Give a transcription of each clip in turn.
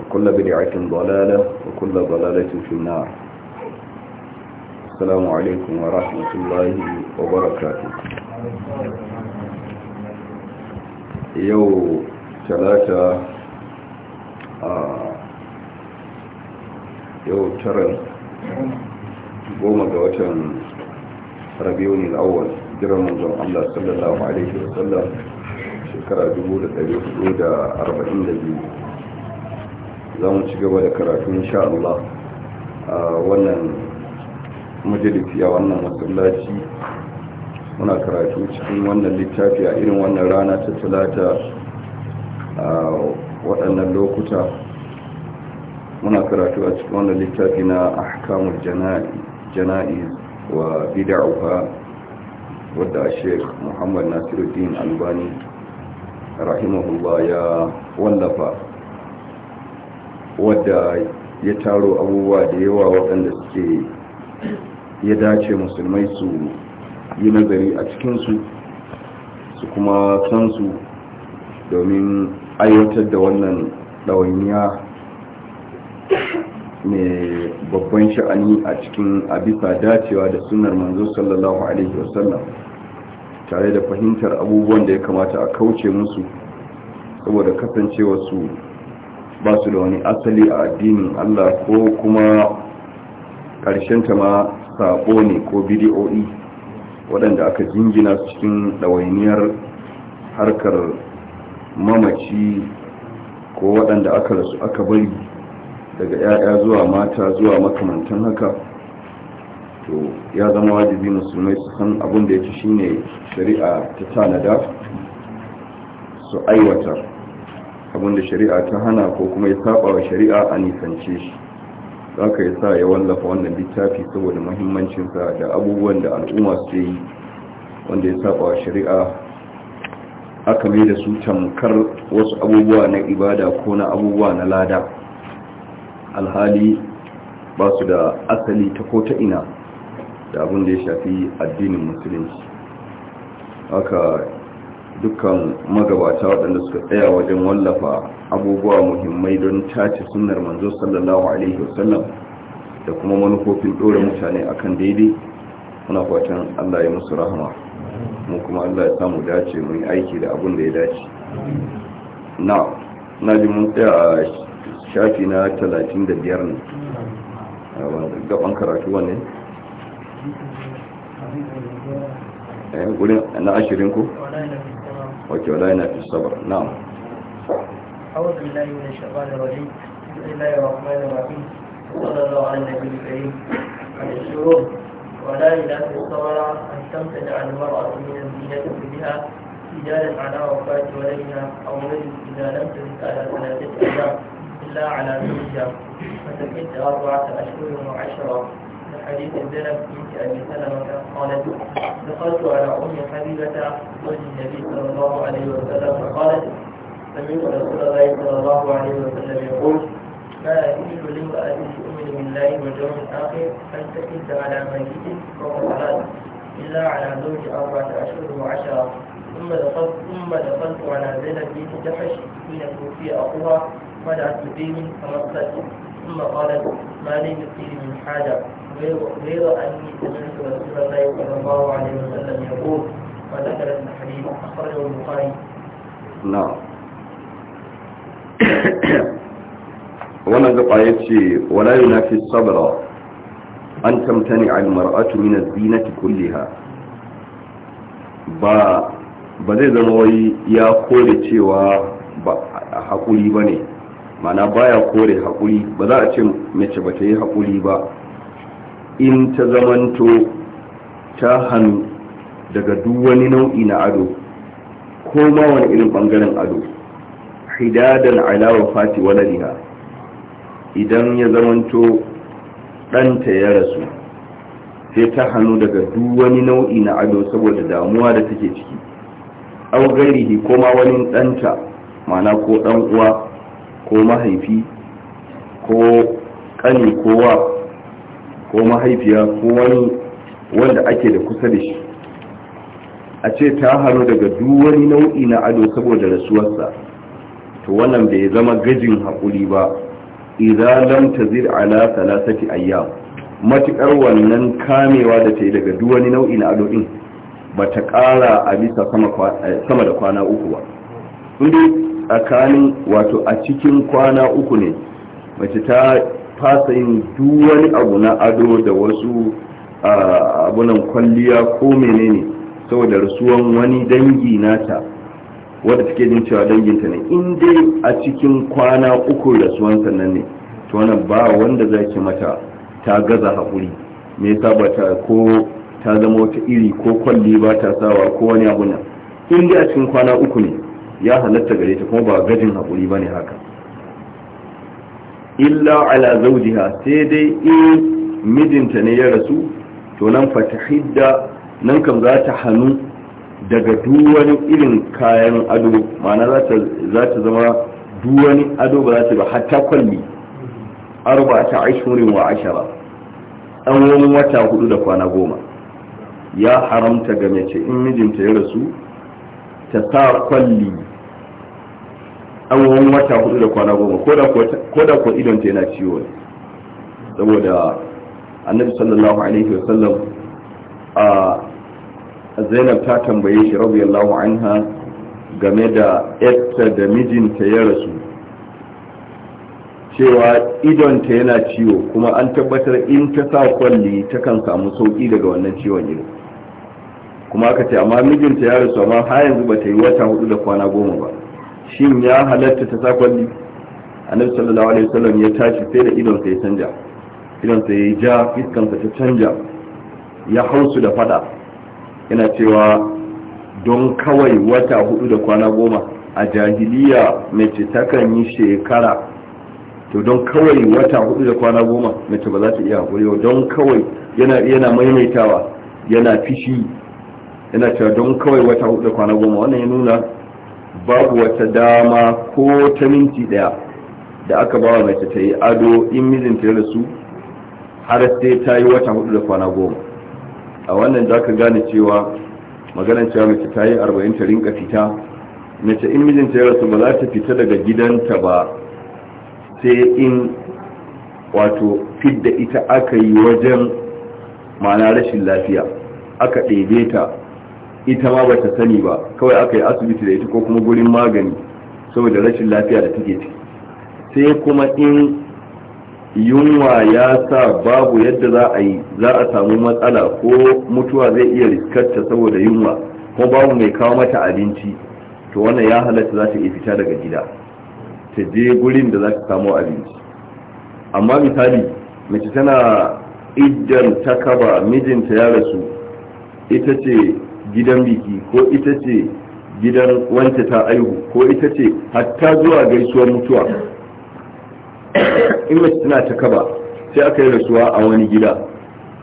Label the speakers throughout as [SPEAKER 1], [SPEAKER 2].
[SPEAKER 1] وكل بدعة ضلالة وكل ضلالة في النار السلام عليكم ورحمة الله وبركاته يو ثلاثة آه، يو ترن قوم دوتن ربيون الأول جرم من الله صلى الله عليه وسلم شكرا جبودة يفضل أربعين لبيه za mu ci gaba da karatu insha Allah a wannan majalisi a wannan masallaci muna karatu cikin wannan littafi a irin wannan rana ta talata a waɗannan lokuta muna karatu a cikin wannan littafi na ahkamul jana'iz wa bid'uha wadda Sheikh Muhammad Nasiruddin Albani rahimahullah ya wallafa wadda ya taro abubuwa da yawa waɗanda suke ya dace musulmai su yi nazari a cikinsu su kuma san su domin aiwatar da wannan ɗawainiya mai babban sha'ani a cikin abisa dacewa da sunar manzo sallallahu alaihi wasallam tare da fahimtar abubuwan da ya kamata a kauce musu saboda kasancewa su ba su da wani asali a addinin Allah ko kuma ta ma sabo ne ko bidi'o'i waɗanda aka jingina cikin ɗawainiyar harkar mamaci ko waɗanda aka rasu aka bari daga 'ya'ya zuwa mata zuwa makamantan haka to ya zama wajibi musulmai su san abin da ya ci shine shari'a ta tanada su aiwatar abinda shari'a ta hana ko kuma ya saba wa shari'a a nisance shi za ka yi sa ya wallafa wannan littafi saboda mahimmancinsa da abubuwan da al'umma suke yi wanda ya saba wa shari'a aka mai da su tamkar wasu abubuwa na ibada ko na abubuwa na lada alhali ba su da asali ta ko ta ina da abin da ya shafi addinin musulunci haka dukkan magabata waɗanda suka tsaya wajen wallafa abubuwa muhimmai don tace sunnar manzo sallallahu alaihi wasallam da kuma manufofin ɗora mutane akan daidai muna fatan Allah ya musu rahama mu kuma Allah ya samu dace mu yi aiki da abin da ya dace na na ji mun tsaya a shafi na 35 ne gaban karatu wanne eh, na ashirin ko وجعلنا في الصبر نعم
[SPEAKER 2] أعوذ بالله من الشيطان الرجيم بسم الله الرحمن الرحيم صلى الله على النبي الكريم عن الشروط ولا في الصبر أن تمتنع المرأة من الزينة بها دلالا على وفاة وليها أو ولد إذا لم تزد على ثلاثة أيام إلا على زوجها فتمت أربعة أشهر وعشرة حديث زينب بنت أبي سلمة قالت دخلت على أم حبيبة زوج النبي صلى الله عليه وسلم فقالت سمعت رسول الله صلى الله عليه وسلم يقول ما يحل لامرأة تؤمن بالله واليوم الآخر أن تكد على ميت وهو إلا على زوج أربعة أشهر وعشرة ثم دخلت ثم دخلت على زينب بنت جحش حين توفي أخوها فدعت بهم فنصت ثم قالت ما لي بخير من حاجة غير أني
[SPEAKER 1] wannan gaba ya ce wala yunafi sabra an tamtani al mar'atu min az-zinati kulliha ba ba zai zama wai ya kore cewa ba hakuri bane mana baya kore hakuri ba za ce mace ba ta yi haƙuri ba in ta zamanto ta hannu daga duk wani nau'i na ado ko ma wani irin bangaren ado hidadan alawa fati waladiha idan ya zamanto ɗanta ya rasu sai ta hannu daga duk wani nau'i na ado saboda damuwa da take ciki au gairihi ko ma wani ɗanta mana ko ɗan uwa ko mahaifi ko ƙani kowa ko mahaifiya ko wani wanda ake da kusa da shi a ce ta haru daga duk nau'i na ado saboda rasuwarsa to wannan bai zama gajin haƙuri ba idan lam tazir ala salasati ayyam matukar wannan kamewa da ta yi daga duk wani nau'i na ado din ba ta ƙara a bisa sama eh, da kwana uku ba inda tsakanin wato a cikin kwana uku ne mace ta fasa yin duk wani abu na ado da wasu abunan kwalliya ko menene saboda rasuwan wani dangi nata wadda take jin cewa danginta ne in dai a cikin kwana uku rasuwan sannan ne to wannan ba wanda zaki mata ta gaza haƙuri me yasa ba ta ko ta zama wata iri ko kwalli ba ta sawa ko wani abu nan in dai a cikin kwana uku ne ya halatta gare ta kuma ba gajin haƙuri ba ne haka illa ala zawjiha sai dai in eh, mijinta ne ya rasu to nan fatahidda nan kam za ta hannu daga duwani irin kayan ado ma'ana za ta zama duwani ado ba za ta ba hatta kwalli arba ta ashirin wa ashara wani wata hudu da kwana goma ya haramta ga mace in mijinta ya rasu ta sa kwalli An wani wata hudu da kwana goma ko da ko idon ta yana ciwo ne saboda annabi sallallahu alaihi wa sallam a zainab ta tambaye shi radiyallahu anha game da yarta da mijinta ya rasu cewa idon ta yana ciwo kuma an tabbatar in ta sa kwalli takan samu sauki daga wannan ciwon ne kuma aka ce amma mijinta ya rasu amma har yanzu ba ta yi wata hudu da kwana goma ba shin ya halatta ta sa kwalli annabi sallallahu alaihi wasallam ya tashi sai da idon sa ya canja idon sa ya ja fiskan sa ta canja ya hausu da fada yana cewa don kawai wata hudu da kwana goma a jahiliya mace takan yi shekara to don kawai wata hudu da kwana goma mace ba za ta iya hakuri don kawai yana yana maimaitawa yana fishi yana cewa don kawai wata hudu da kwana goma wannan ya nuna babu wata dama ko ta minti daya da aka bawa mace ta yi ado in mijinta ya rasu har sai ta yi wata hudu da kwana goma a wannan za ka gane cewa maganar cewa mace ta yi arba'in ta rinka fita mace in mijinta ya rasu ba za ta fita daga gidanta ba sai in wato fidda ita aka yi wajen ma'ana rashin lafiya aka ɗebe ta ita ma ba ta sani ba kawai aka yi asibiti da ita ko kuma gurin magani saboda rashin lafiya da take ciki sai kuma in yunwa ya sa babu yadda za a yi za a samu matsala ko mutuwa zai iya riskarta saboda yunwa ko babu mai kawo mata abinci to wannan ya halatta za ta iya fita daga gida ta je gurin da za ta samu abinci amma misali mace tana idan ta kaba mijinta ya rasu ita ce gidan biki ko ita ce gidan wanta ta aihu ko ita ce hatta zuwa gaisuwar mutuwa in mace tana ta kaba sai aka yi rasuwa a wani gida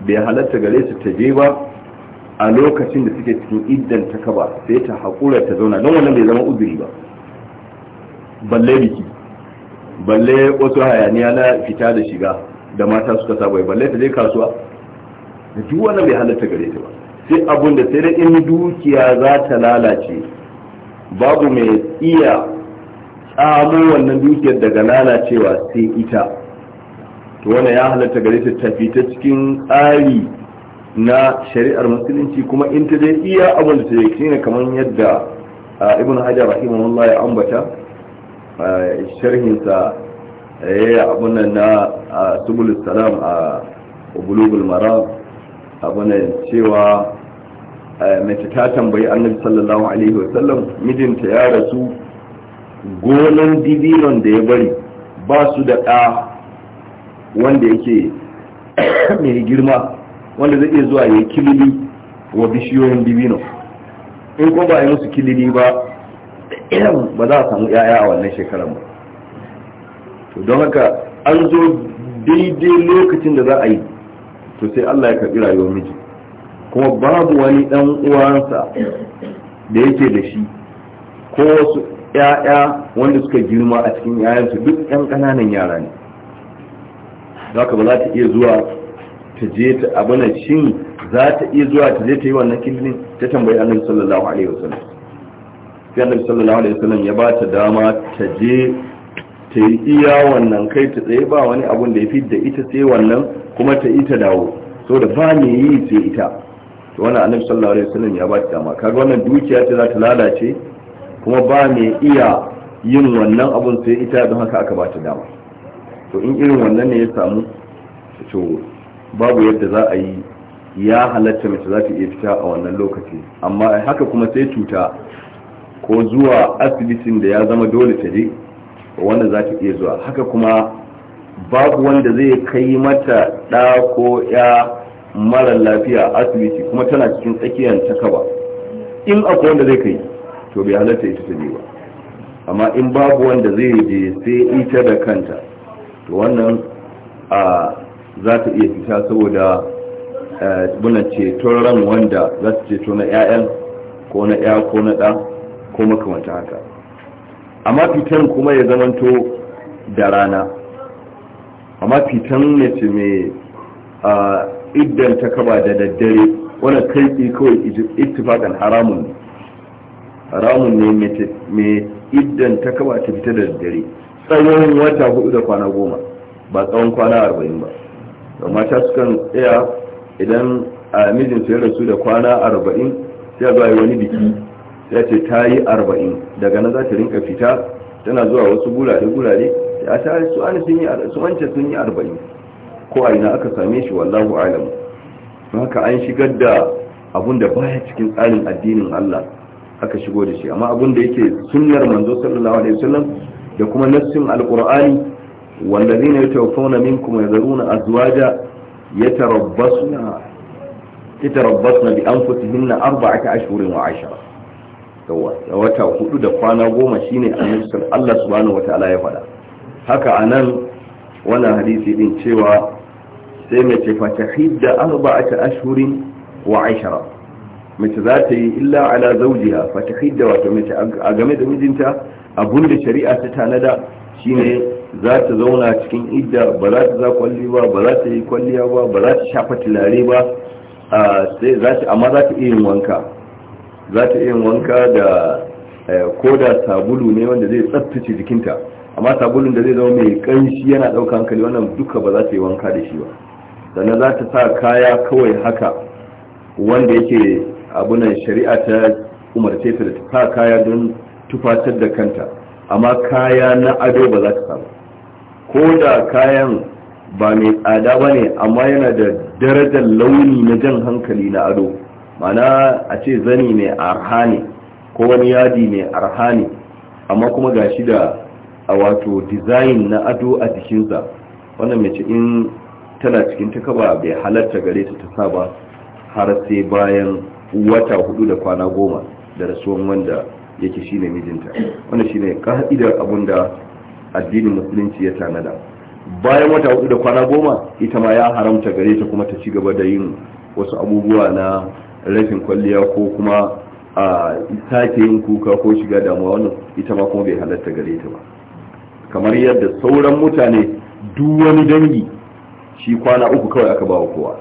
[SPEAKER 1] bai halatta gare su ta je ba a lokacin da suke cikin iddan ta kaba sai ta haƙura ta zauna don wannan bai zama uzuri ba balle biki balle wasu hayaniya na fita da shiga da mata suka saba balle ta je kasuwa duk wannan bai halatta gare ta ba sai abun da sai da in dukiya za ta lalace babu mai iya tsamo wannan dukiyar daga lalacewa sai ita to wannan ya halatta gare ta tafi ta cikin tsari na shari'ar musulunci kuma in ta dai iya abun da sai shine kamar yadda ibn hajar rahimahullah ya ambata sharhinsa ya eh, yi abun nan na subul salam a bulugul maram abinan cewa eh, mace ta tambayi annabi sallallahu alaihi wasallam mijinta ya rasu gonan dibinon da ya bari ba su da ɗa wanda yake mai girma wanda zai iya zuwa ya yi kilili wa bishiyoyin dibino in ko ba ya yi musu kilili ba ba za a samu 'ya'ya a wannan shekarar ba don haka an zo daidai lokacin da za a yi to sai Allah ya karbi rayuwar miji kuma babu wani dan uwansa da yake da shi ko wasu ƴaƴa wanda suka girma a cikin ‘ya'yansu duk ƴan ƙananan yara ne za ka ba za ta iya zuwa ta je ta abana shin za ta iya zuwa ta je ta yi wannan kilinin ta tambayi annabi sallallahu alaihi wasallam sai annabi sallallahu alaihi wasallam ya ba ta dama ta je ta yi iya wannan kai ta tsaye ba wani abun da ya fi da ita sai wannan kuma ta ita dawo so da ba ne yi sai ita to wannan annab sallallahu alaihi wasallam ya ba ta dama kaga wannan dukiya ce za ta lalace kuma ba ne iya yin wannan abun sai ita don haka aka ba ta dama to in irin wannan ne ya samu to babu yadda za a yi ya halatta mace za ta iya fita a wannan lokaci amma haka kuma sai cuta ko zuwa asibitin da ya zama dole ta je wanda za ta iya zuwa haka kuma babu wanda zai kai mata ɗa ko ya mara lafiya asibiti kuma tana cikin tsakiyar takaba in akwai wanda zai kai to bai halarta ita ta je ba amma in babu wanda zai je sai ita da kanta to wannan a za ta iya fita saboda muna ceton ran wanda za su ceto na 'ya'yan ko na 'ya ko na ɗa ko makamanta haka amma fitan kuma ya zamanto da rana amma fitan mace mai idan ta kaba da daddare wani kaifi kawai ittifakan haramun ne haramun ne mai idan ta kaba ta fita da daddare tsawon wata hudu da kwana goma ba tsawon kwana arba'in ba mata sukan tsaya idan a mijinsu ya rasu da kwana arba'in sai a zuwa wani biki ya ce ta yi arba'in daga nan za ta rinka fita tana zuwa wasu gulare-gulare ya ta su an sun yi sun yi arba'in ko a ina aka same shi wallahu alamu haka an shigar da abun da baya cikin tsarin addinin Allah aka shigo da shi amma abun da yake sunnar manzo sallallahu alaihi wasallam da kuma nassin alqur'ani wallazina yatawaffawna minkum yadhuruna azwaja yatarabbasna yatarabbasna bi anfusihinna arba'ata ashhurin wa 'ashara wata hudu da kwana goma shine annabisar Allah subhanahu ta'ala ya faɗa haka anan nan wannan hadisi din cewa sai mace fata hidda arba'ata ashhurin wa ashara mace za ta yi illa ala fa fata hidda wato mace a game da mijinta abun da shari'a ta tanada shine za ta zauna cikin idda ba za ta za kwalli ba ba za ta yi kwalliya ba ba za ta shafa tilare ba amma za ta iya yin wanka za ta iya wanka da eh, ko da sabulu ne wanda zai tsaftace jikinta amma sabulun da zai zama mai ƙanshi yana ɗauka hankali wannan duka ba za ta yi wanka da shi ba sannan za ta sa kaya kawai haka wanda yake abunan shari'a ta umarce ta da ta sa kaya don tufatar da kanta amma kaya na ado ba za ta ba ko da kayan ba mai tsada ba ne amma yana da darajar launi na jan hankali na ado mana a ce zani mai arha ne ko wani yadi mai arha ne amma kuma ga shi da a wato dizayin na ado a jikinsa wannan mai ce in tana cikin kaba bai halarta gare ta ta sa ba har sai bayan wata hudu da kwana goma da rasuwan wanda yake ne mijinta wannan shine da abun da addinin musulunci ya tanada bayan wata hudu da kwana goma ita ma ya haramta gare ta kuma ta ci gaba da yin wasu abubuwa na rashin kwalliya ko kuma a sake yin kuka ko shiga damuwa wannan ita ma kuma bai halatta gare ta ba kamar yadda sauran mutane duk wani dangi shi kwana uku kawai aka ba wa kowa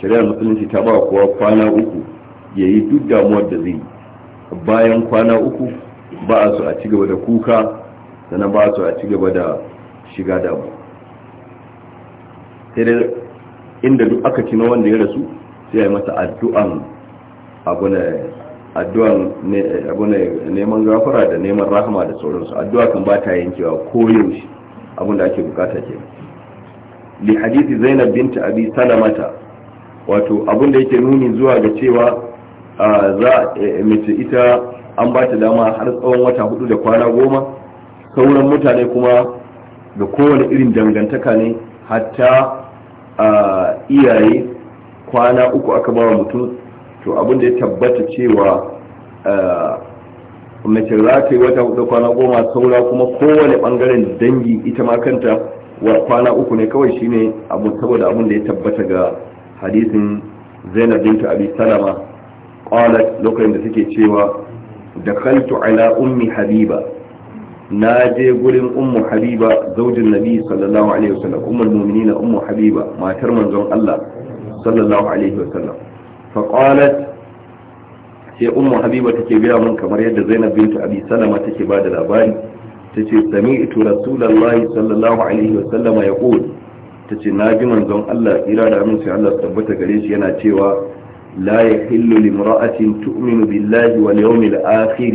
[SPEAKER 1] shari'ar musulunci ta ba wa kowa kwana uku ya yi duk damuwar da zai bayan kwana uku ba a so a ci gaba da kuka sannan ba a so a ci gaba da shiga damuwa. sai dai inda duk aka ci na wanda ya rasu sai ya mata addu'an abu ne neman gafara da neman rahama da sauransu addu'a kan ba ta yankewa ko yaushe abinda ake bukata ke li hadisi zainab binta abi salamata wato abinda yake nuni zuwa ga cewa za e, e, mace ita an ba ta dama har tsawon wata hudu da kwana goma sauran mutane kuma ga kowane irin dangantaka ne hatta iyaye kwana uku aka ba mutum to abin da ya tabbata cewa eh, mace za ta yi wata hudu kwana goma saura kuma kowane bangaren dangi ita ma kanta wa kwana uku ne kawai shine abu saboda abin da ya tabbata ga hadisin zainab bintu abi salama qalat lokacin da take cewa da dakhaltu ala ummi habiba na je gurin ummu habiba zaujin nabi sallallahu alaihi wasallam ummul mu'minina ummu habiba matar manzon Allah sallallahu alaihi wasallam fa qalat sai ummu habiba take gaya mun kamar yadda zainab bintu abi salama take ba da labari tace sami'tu rasulullahi sallallahu alaihi wasallam yaqul tace na ji manzon Allah tsira da aminci Allah tabbata gare shi yana cewa la yahillu limra'atin tu'minu billahi wal yawmil akhir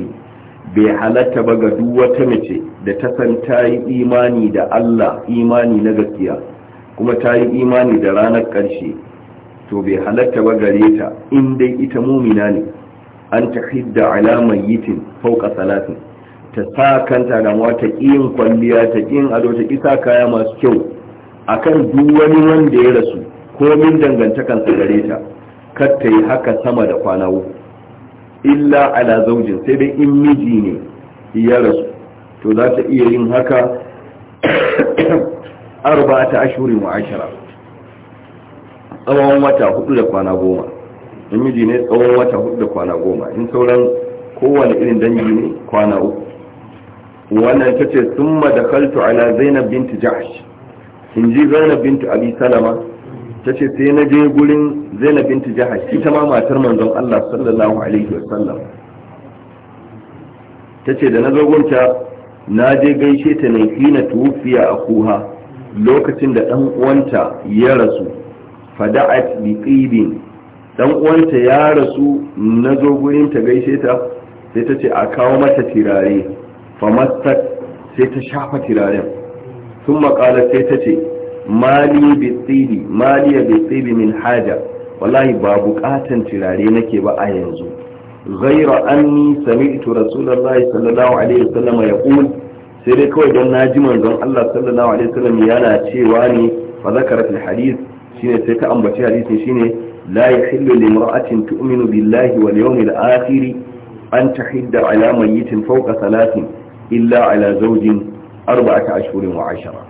[SPEAKER 1] bai halatta ba ga duk wata mace da ta san tayi yi imani da Allah imani na gaskiya kuma tayi imani da ranar karshe. to bai halatta ba gare ta in dai ita mumina ne an ta hidda alamar yitin fauka salatin ta sa kanta da ta kiyin kwalliya ta kiyin ado ta sa kaya masu kyau akan duk wani wanda ya rasu ko komin dangantakansa gare ta kar ta yi haka sama da kwana uku illa ala zaujin sai dai in miji ne ya rasu to za ta iya yin haka Arba'a ta ashirin wa ashara tsawon wata hudu da kwana goma Namiji ne tsawon wata hudu da kwana goma in sauran kowane irin dangi ne kwana uku wannan ta ce sun kaltu ala zainab bintu ja'ash in ji zainab bintu abi salama ta ce sai na je gurin zainab bintu ja'ash ita ma matar manzon allah sallallahu alaihi wasallam ta ce da na zo na je gaishe ta ne fina tuwufiya a kuha lokacin da dan uwanta ya rasu fada'at bi dan uwanta ya rasu na zo gurin ta gaishe ta sai ta ce a kawo mata tirare famastat sai ta shafa tiraren sun makala sai ta ce mali bi tsibi mali bi tsibi min haja wallahi ba bukatan tirare nake ba a yanzu ghayra anni sami'tu rasulullahi sallallahu alaihi wasallam yaqul sai dai kawai dan naji manzon Allah sallallahu alaihi wasallam yana cewa ne fa zakarat al shine sai ka ambaci hadisi shine la yahillu limra'atin tu'minu billahi wal yawmil akhir an tahidda ala mayyitin fawqa salatin illa ala zawjin arba'ata ashhurin wa ashara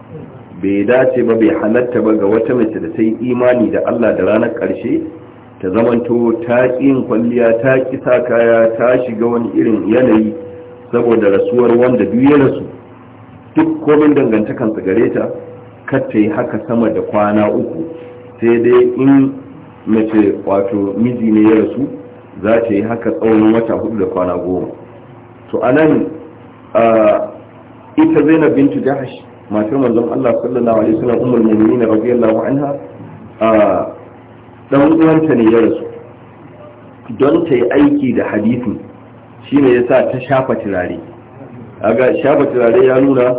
[SPEAKER 1] bai dace ba bai halatta ba ga wata mace da ta yi imani da Allah da ranar karshe ta zamanto ta yin kwalliya ta ki sa kaya ta shiga wani irin yanayi saboda rasuwar wanda duk ya rasu duk komai dangantakan gare ta kar ta yi haka sama da kwana uku sai dai in mace wato miji ne ya rasu za ta yi haka tsawon wata hudu da kwana goma to a nan ita zainab bintu jahash matar manzon Allah sallallahu alaihi wasallam ummul mu'minin radiyallahu anha dan uwanta ne ya rasu don ta yi aiki da ne shine yasa ta shafa turare aga shafa turare ya nuna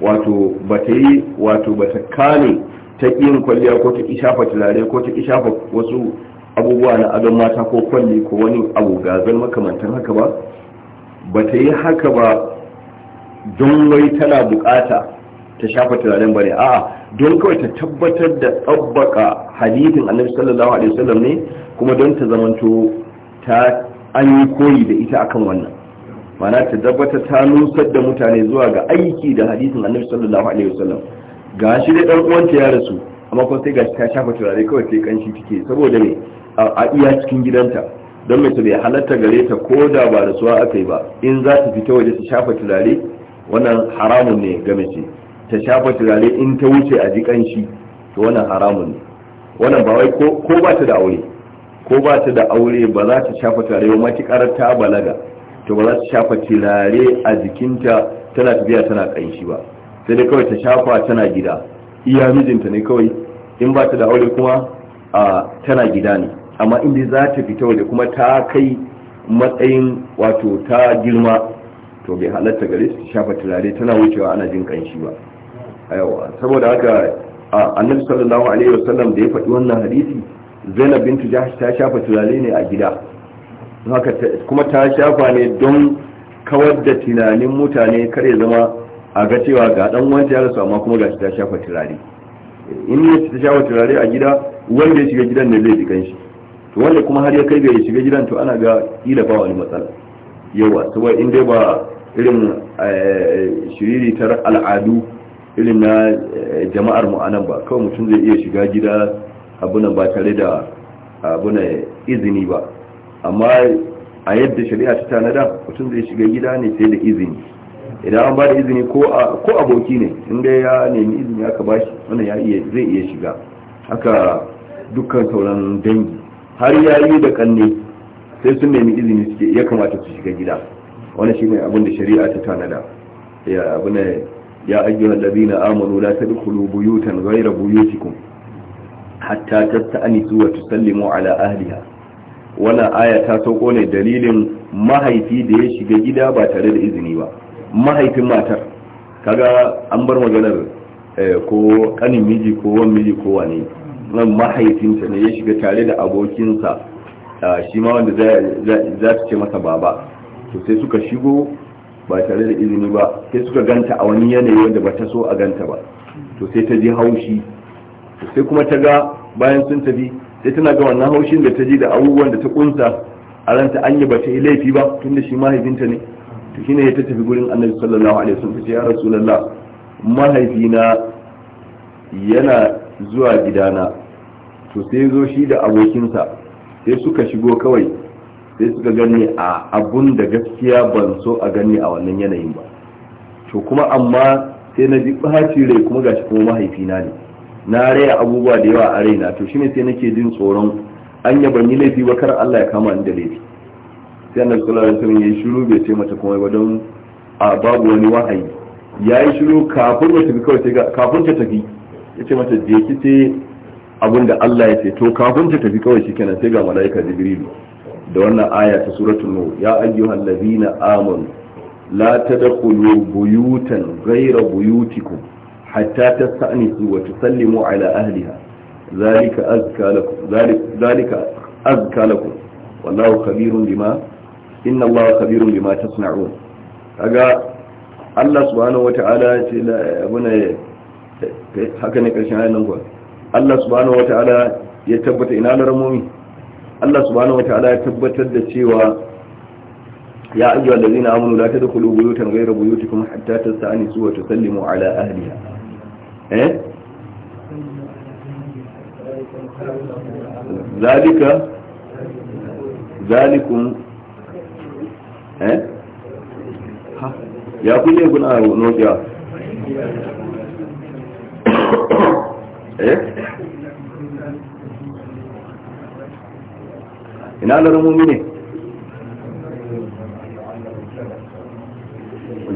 [SPEAKER 1] wato bata yi wato bata kame ta yin kwalliya ko ta shafa turare ko ta shafa wasu abubuwa na adon mata ko kwalli ko wani abu gazan makamantan haka ba ba ta yi haka ba don wai tana bukata ta shafa ba ne. a'a don kawai ta tabbatar da tsabbaka hadithin annabi sallallahu alaihi wasallam ne kuma don ta zamanto ta an yi koyi da ita akan wannan mana ta tabbata ta nusar da mutane zuwa ga aiki da hadisin annabi sallallahu alaihi wasallam ga shi dai dan uwanta ya rasu amma kuma sai ga ta shafa turare kawai sai kanshi take saboda me a iya cikin gidanta don mace bai halatta gare ta ko da ba rasuwa aka yi ba in za ta fita waje ta shafa turare wannan haramun ne ga mace ta shafa turare in ta wuce a ji kanshi to wannan haramun ne wannan ba wai ko ba ta da aure ko ba ta da aure ba za ta shafa turare ba karar ta balaga to ba za ta shafa turare a jikinta tana tafiya tana kanshi ba sai dai kawai ta shafa tana gida iya mijinta ne kawai in ba ta da aure kuma a tana gida ne amma inda za ta fita waje kuma ta kai matsayin wato ta girma to bai halatta gare su shafa turare tana wucewa ana jin kanshi ba yawa saboda haka annabi sallallahu alaihi wasallam da ya faɗi wannan hadisi zainab bintu jahsh ta shafa turare ne a gida haka kuma ta shafa ne don kawar da tunanin mutane kare zama a ga cewa ga dan wanda ya rasu amma kuma ga shi ta shafa turare in ya ta shafa turare a gida wanda ya shiga gidan ne zai jikan shi to wanda kuma har ya kai ga ya shiga gidan to ana ga kila ba wani matsala yawa saboda in dai ba irin eh, ta al'adu irin na eh, jama'ar mu anan ba kawai mutum zai iya shiga gida abunan ba tare da abunan izini ba amma a yadda shari'a ta tanada mutum zai shiga gida ne sai da izini idan an ba da izini ko aboki ne inda ya nemi izini aka ba shi wannan zai iya shiga haka dukkan sauran dangi har yayi da kanne sai sun nemi izini suke ya kamata su shiga gida wannan shine abin da shari'a ta tanada ya abin ya ayyuhal ladina amanu la tadkhulu buyutan ghayra buyutikum hatta tasta'nisu wa tusallimu ala ahliha wannan aya ta sauko ne dalilin mahaifi da ya shiga gida ba tare da izini ba mahaifin matar kaga an bar maganar eh, ko kanin miji ko wan miji ko wane nan mahaifinta ne ya shiga tare da abokinsa shi ma wanda za su ce masa baba to sai suka shigo ba tare da izini ba sai suka ganta a wani yanayi wanda ba ta so a ganta ba to sai ta ji haushi to sai kuma ta ga bayan sun tafi sai tana ga wannan haushin da ta ji da abubuwan da ta kunsa a ranta an yi ba ta yi laifi ba tunda shi mahaifinta ne to ne ya tafi gurin annabi sallallahu alaihi wasallam ce ya rasulullah mahaifina yana zuwa gidana to sai zo shi da abokinsa sai suka shigo kawai sai suka gani a abun da gaskiya ban so a gani a wannan yanayin ba to kuma amma sai na ji ɓaci rai kuma gashi kuma mahaifina ne na raya abubuwa da yawa a raina to shi ne sai nake jin tsoron anya ban yi laifi ba kar Allah ya kama ni da laifi sai annabi sallallahu alaihi wasallam yayi shiru bai ce mata komai ba don a babu wani wahayi yayi shiru kafin ya tafi kawai kafin ta tafi yace mata je ki ce abin da Allah ya ce to kafin ta tafi kawai shikenan sai ga malaika jibrilu da wannan aya ta suratul nur ya ayyuhal ladina amanu la tadkhulu buyutan ghayra buyutikum hatta tasta'nisu wa tusallimu ala ahliha zalika azka lakum zalika azka lakum wallahu khabirun bima inna Allah kabirun bima tasna'un kaga Allah subhanahu wata'ala ya ce abuna eh, haka ne karshen ayan nan Allah subhanahu wata'ala ya tabbata ina larmomi Allah subhanahu wata'ala ya tabbatar da cewa ya ayyuhal ladina amanu la tadkhulu buyutan ghayra buyutikum hatta tasta'nisu wa tusallimu ala ahliha eh zalika zalikum eh ya kulle guna nokia eh ina laramomi ne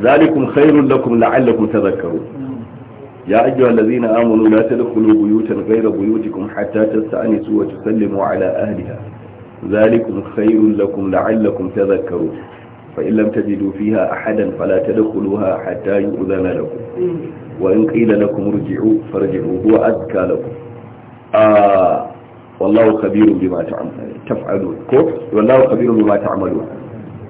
[SPEAKER 1] ذلكم خير لكم لعلكم تذكرون يا أيها الذين آمنوا لا تدخلوا بيوتا غير بيوتكم حتى تستأنسوا وتسلموا على أهلها ذلكم خير لكم لعلكم تذكرون فإن لم da فيها أحدا فلا تدخلوها حتى يؤذن لكم وإن قيل لكم ارجعوا فارجعوا هو أذكى لكم آه والله خبير بما تفعلون والله خبير بما تعملون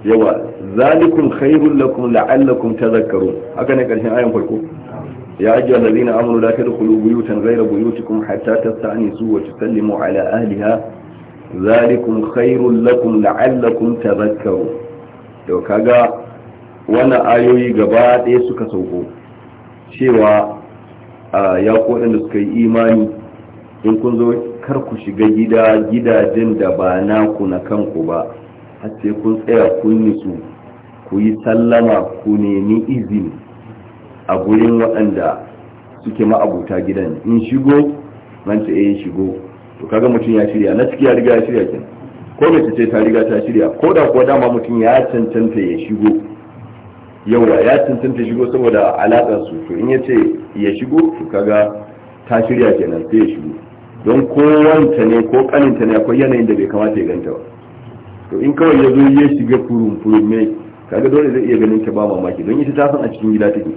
[SPEAKER 1] yawa zalikun khairun lakum la'allakum tadhakkarun haka ne karshen ayan farko ya ayyuhal ladina amanu la tadkhulu buyutan ghayra buyutikum hatta tasta'nisu wa tusallimu ala ahliha zalikum khairun lakum la'allakum tadhakkarun to kaga wannan ayoyi gaba ɗaya suka sauko cewa ya da suka yi imani in kun zo kar ku shiga gida gidajen da ba naku na kanku ba har sai kun tsaya kun nisu ku yi sallama ku nemi izini a gurin waɗanda suke ma'abuta gidan in shigo nan ta eh, shigo to kaga mutum ya shirya na ciki ya riga ya shirya kenan ko mace ce ta riga ta shirya ko da kuwa dama mutum ya cancanta ya shigo yawa ya cancanta shigo saboda alaƙar su to in ya ya shigo to kaga ta shirya kenan sai ya shigo don ko wanta ne ko kaninta ne akwai yanayin da bai kamata ya ganta ba to in kawai ya zo ya shiga furun furun ne kaga dole zai iya ganin ta ba mamaki don ita ta san a cikin gida take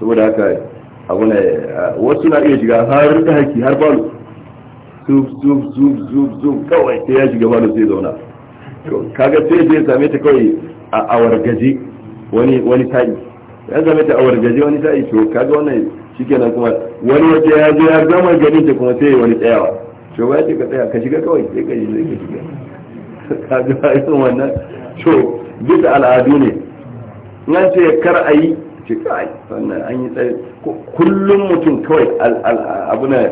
[SPEAKER 1] saboda haka abu wasu na iya shiga har da haki har balo zuf zuf zuf zuf zuf kawai sai ya shiga malu sai zauna kaga sai je same ta kawai a awargaje wani wani sa'i ya same ta awargaje wani sa'i to kaga wannan shikenan kuma wani waje ya je ya gama ganin ta kuma sai wani tsayawa to ba ce ka tsaya ka shiga kawai sai ka yi sai ka shiga kaga irin wannan to duka al'adu ne nan ce kar a yi ce kai wannan an yi tsaye kullum mutum kawai abu na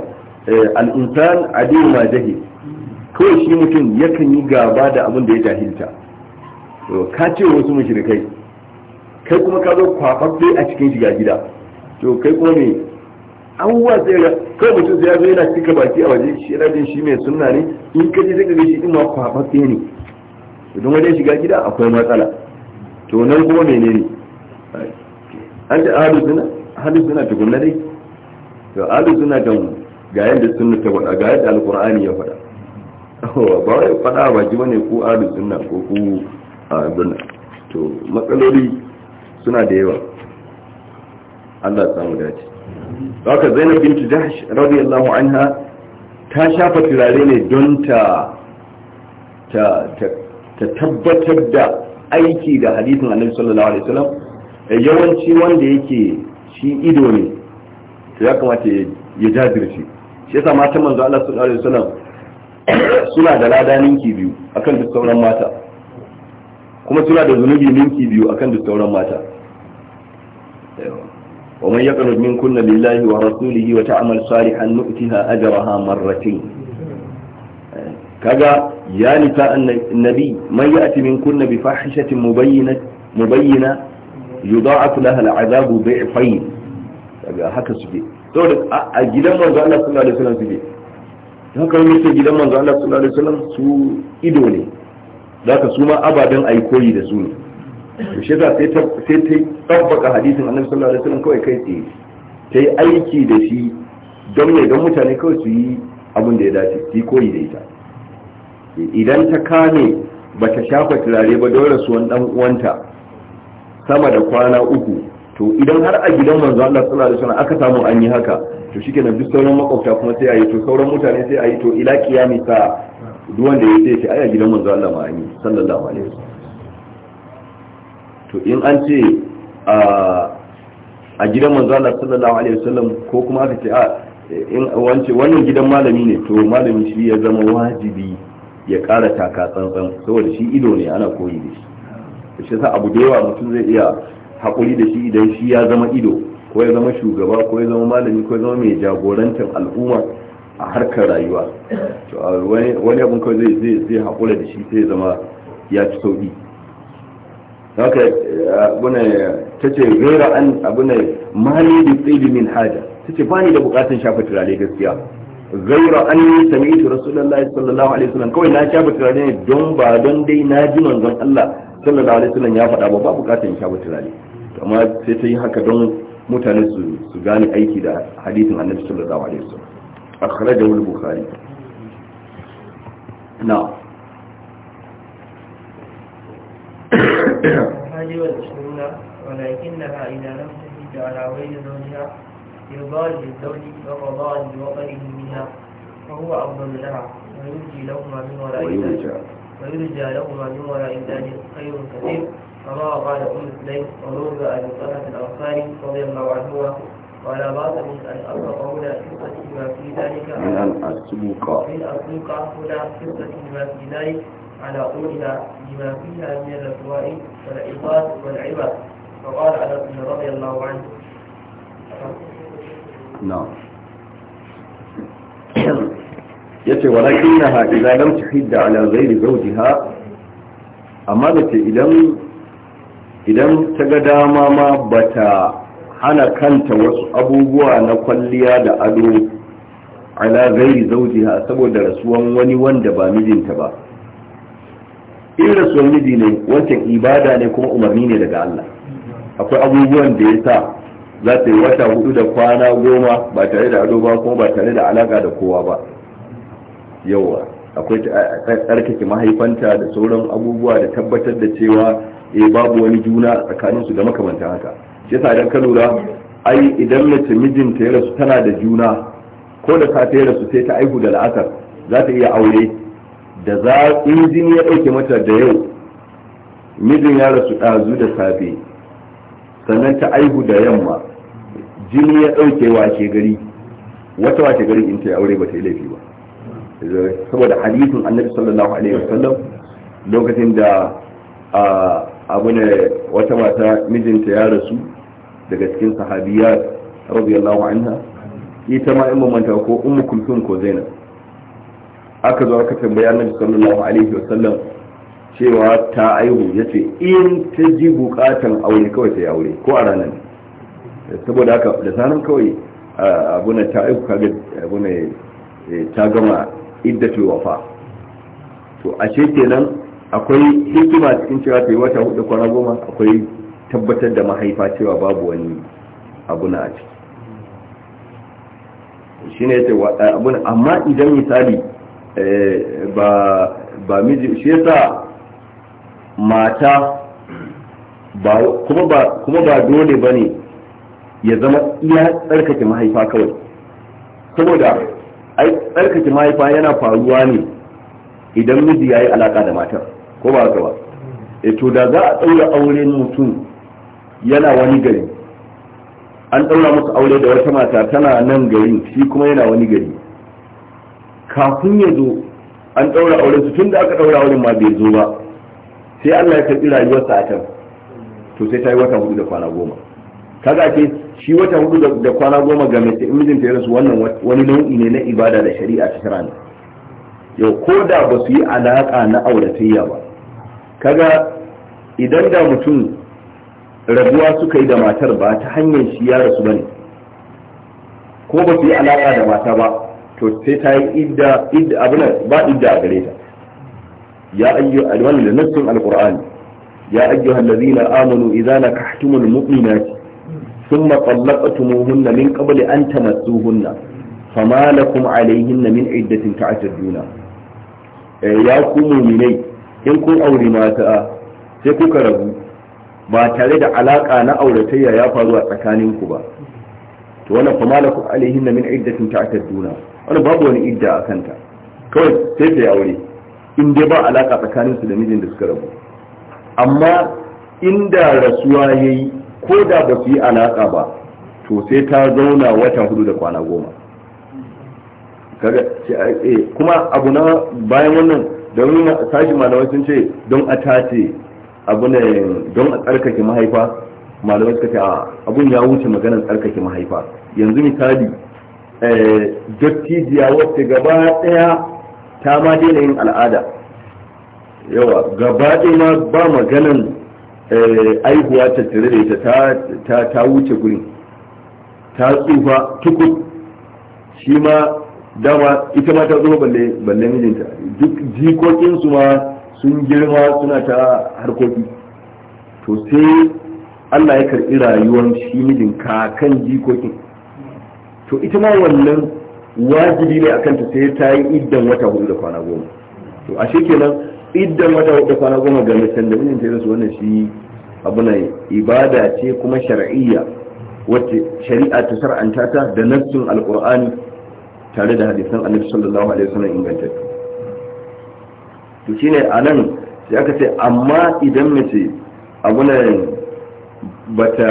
[SPEAKER 1] Eh, al'insan adiyu ma jahi kawai shi mutum yakan yi gaba da abin da ya jahilta ka ce wasu mushrikai kai kuma ka zo kwafafe a cikin shiga gida to kai kuma me abubuwa sai ga kawai mutum sai ya zo yana cika baki a waje shi yana jin shi mai sunna ne in ka je sai ka ga shi ma kwafafe ne idan wajen shiga gida akwai matsala to nan kuma menene an ta ahadu suna ahadu suna tukunna dai to ahadu suna kan ga yadda sunna ta faɗa ga yadda alkur'ani ya faɗa ba wai faɗa ji bane ko ahlus sunna ko ku abin to matsaloli suna da yawa Allah ya samu dace haka Zainab bint Jahsh radiyallahu anha ta shafa turare ne don ta ta ta tabbatar da aiki da hadisin Annabi sallallahu alaihi wasallam eh, yawanci wanda yake shi ido ne to ya kamata ya jajirce shi yasa matan manzo Allah sallallahu alaihi wasallam suna da lada ninki biyu akan duk sauran mata kuma suna da zunubi ninki biyu akan duk sauran mata wa man yaqnut minkunna lillahi wa rasulihi wa ta'mal salihan nu'tiha ajraha marratayn kaga ya ni nisa annabi man ya'ti minkunna bi fahishatin mubayyinah mubayyinah yudha'af laha al'adabu bi'fayn kaga haka suke saboda a gidan manzo Allah sallallahu alaihi wasallam suke haka wani ke gidan manzo Allah sallallahu alaihi wasallam su ido ne zaka su ma ababen ayi koyi da su ne to shi yasa sai ta sai ta tabbaka hadisin Annabi sallallahu alaihi wasallam kawai kai tsaye ta yi aiki da shi don ne don mutane kawai su yi abin da ya dace su yi koyi da ita idan ta kame ba ta shafa turare ba don rasuwan dan uwanta sama da kwana uku to idan har a gidan manzo Allah sallallahu alaihi wasallam aka samu an yi haka to shikenan duk sauran makwabta kuma sai a yi to sauran mutane sai a yi to ila kiyami sa duk wanda ya ce a gidan manzo Allah ma an yi sallallahu alaihi wasallam to in an ce a gidan manzo Allah sallallahu alaihi wasallam ko kuma aka ce a in wance wannan gidan malami ne to malami shi ya zama wajibi ya ƙara taka tsantsan saboda shi ido ne ana koyi da shi shi sa abu da yawa mutum zai iya haƙuri da shi idan shi ya zama ido ko ya zama shugaba ko ya zama malami ko ya zama mai jagorantar al'umma a harkar rayuwa to wani abin kawai zai zai zai haƙura da shi sai ya zama ya ci sauƙi haka abuna ta ce gaira an abuna mali da tsiri min haja ta ce ba ni da buƙatar shafa turare gaskiya gaira an yi sami'tu rasulullahi sallallahu alaihi wasallam kawai na shafa turare ne don ba don dai na ji manzon Allah sallallahu alaihi wasallam ya faɗa ba ba buƙatar shafa turare amma sai ta yi haka don mutane su gane aiki da hadisin annabi sallallahu alaihi wasallam akhrajahu al-bukhari na
[SPEAKER 2] هذه ولكنها إذا لم تجد على وجه زوجها إرضاء للزوج وقضاء لوطنه منها فهو أفضل لها لهما من وراء ويرجى لهما من وراء ذلك خير كثير كما قال أم سليم ونور أبي طلحة الأنصاري رضي الله عنه ولا بأس من أن أسبق هنا قصة ما في ذلك من أن أسبق من أسبق هنا قصة ما في ذلك على قولنا لما فيها من الرسوائي والعباد والعباد فقال على ابن رضي الله عنه
[SPEAKER 1] نعم yace walakinnaha idza lam tuhidda ala ghairi zawjiha amma da idan idan ta ga dama ma bata hana kanta wasu abubuwa na kwalliya da ado ala gairi ha, saboda rasuwan wani wanda ba mijinta ba in rasuwan miji ne wancan ibada ne kuma umarni ne daga Allah akwai abubuwan da ya sa za ta yi wata hudu da kwana goma ba tare da ado ba kuma ba tare da alaka da kowa ba yawa akwai tsarkake mahaifanta da sauran abubuwa da tabbatar da cewa e, babu wani juna tsakaninsu da makamantan haka shi yasa idan ka lura ai idan mace mijinta ya rasu tana da juna ko da safe ya rasu sai ta aihu da la'asar za ta iya aure da za injini ya ɗauke mata da yau mijin ya rasu ɗazu da safe sannan ta aihu da yamma jini ya ɗauke wake gari wata wake gari in ta yi aure ba ta yi laifi ba saboda hadisin annabi sallallahu alaihi wasallam lokacin da abu ne wata mata mijinta ya rasu daga cikin sahabiya radiyallahu anha ita ma in mamanta ko ummu kulthum ko zainab aka zo aka tambaya annabi sallallahu alaihi wasallam cewa ta aihu yace in ta ji bukatan aure kawai ta yi aure ko a ranar saboda haka da sanin kawai abuna ta aihu kaga abuna eh, ta gama iddatu wafa to a ce kenan akwai hikima cikin cewa ta yi wata hudu kwana goma akwai tabbatar da mahaifa cewa babu wani abu na a ciki shi ne ta eh, abun amma idan misali eh, ba miji shi yasa mata kuma ba dole ba ne ya zama iya tsarkake mahaifa kawai saboda ai tsarkake mahaifa yana faruwa ne idan miji ya yi alaka da matar ko ba haka ba e to da za a ɗaura auren mutum yana wani gari an ɗaura musu aure da wata mata tana nan garin shi kuma yana wani gari kafin ya zo an ɗaura auren su tun da aka ɗaura auren ma bai zo ba sai Allah ya karɓi rayuwarsa a can to sai ta yi wata hudu da kwana goma kaga ke shi wata hudu da kwana goma ga mijinta ya rasu wannan wani nau'i ne na ibada da shari'a ta shirani yau ko da ba su yi alaƙa na auratayya ba kaga idan da mutum rabuwa suka yi da matar ba ta hanyar shi ya rasu ba ne ko ba su yi alaƙa da mata ba to sai ta yi idda idda ba idda a gare ta ya ayyu alwani da nassin alqur'ani ya ayyuhal ladzina amanu idza nakahtumul mu'minati ثم طلقتموهن من قبل أن تمسوهن فما لكم عليهن من عدة تعتدون يا مؤمني إن كن أوري ماتا سيكوك ربو ba tare da alaka na auratayya ya faru a tsakaninku ba to wannan fa malakum alaihinna min iddatin ta'tadduna wannan babu wani idda a kanta kawai sai ta aure in dai ba alaka da mijin da suka rabu amma inda rasuwa yayi ko da ba su yi alaka ba to sai ta zauna wata hudu da kwana goma eh, kuma abu na bayan wannan don sashi malamai sun ce don a tace abu ne don a tsarkake mahaifa malamai suka ce a abun ya wuce maganar tsarkake mahaifa yanzu misali eh, dottijiya wacce gaba daya ta ma daina yin al'ada yawa gaba daya ba maganan Eh, aihuwa tattare da ita ta wuce gurin ta tsufa tukun shi ma dama ita ma ta zama balle mijinta duk jikokinsu ma sun girma suna ta harkoki to sai allah ya karɓi rayuwar shi mijin kakan jikokin to ita ma wannan wajibi ne akan ta sai ta yi iddan wata hudu da kwana goma to ashe kenan idan wata hudu kwana goma ga mutum da mijinta ya wannan shi abu na ibada ce kuma shari'a wacce shari'a ta sar'anta ta da nassun alkur'ani tare da hadisan annabi sallallahu alaihi wasallam ingantattu to shine anan sai aka ce amma idan mace abu abuna bata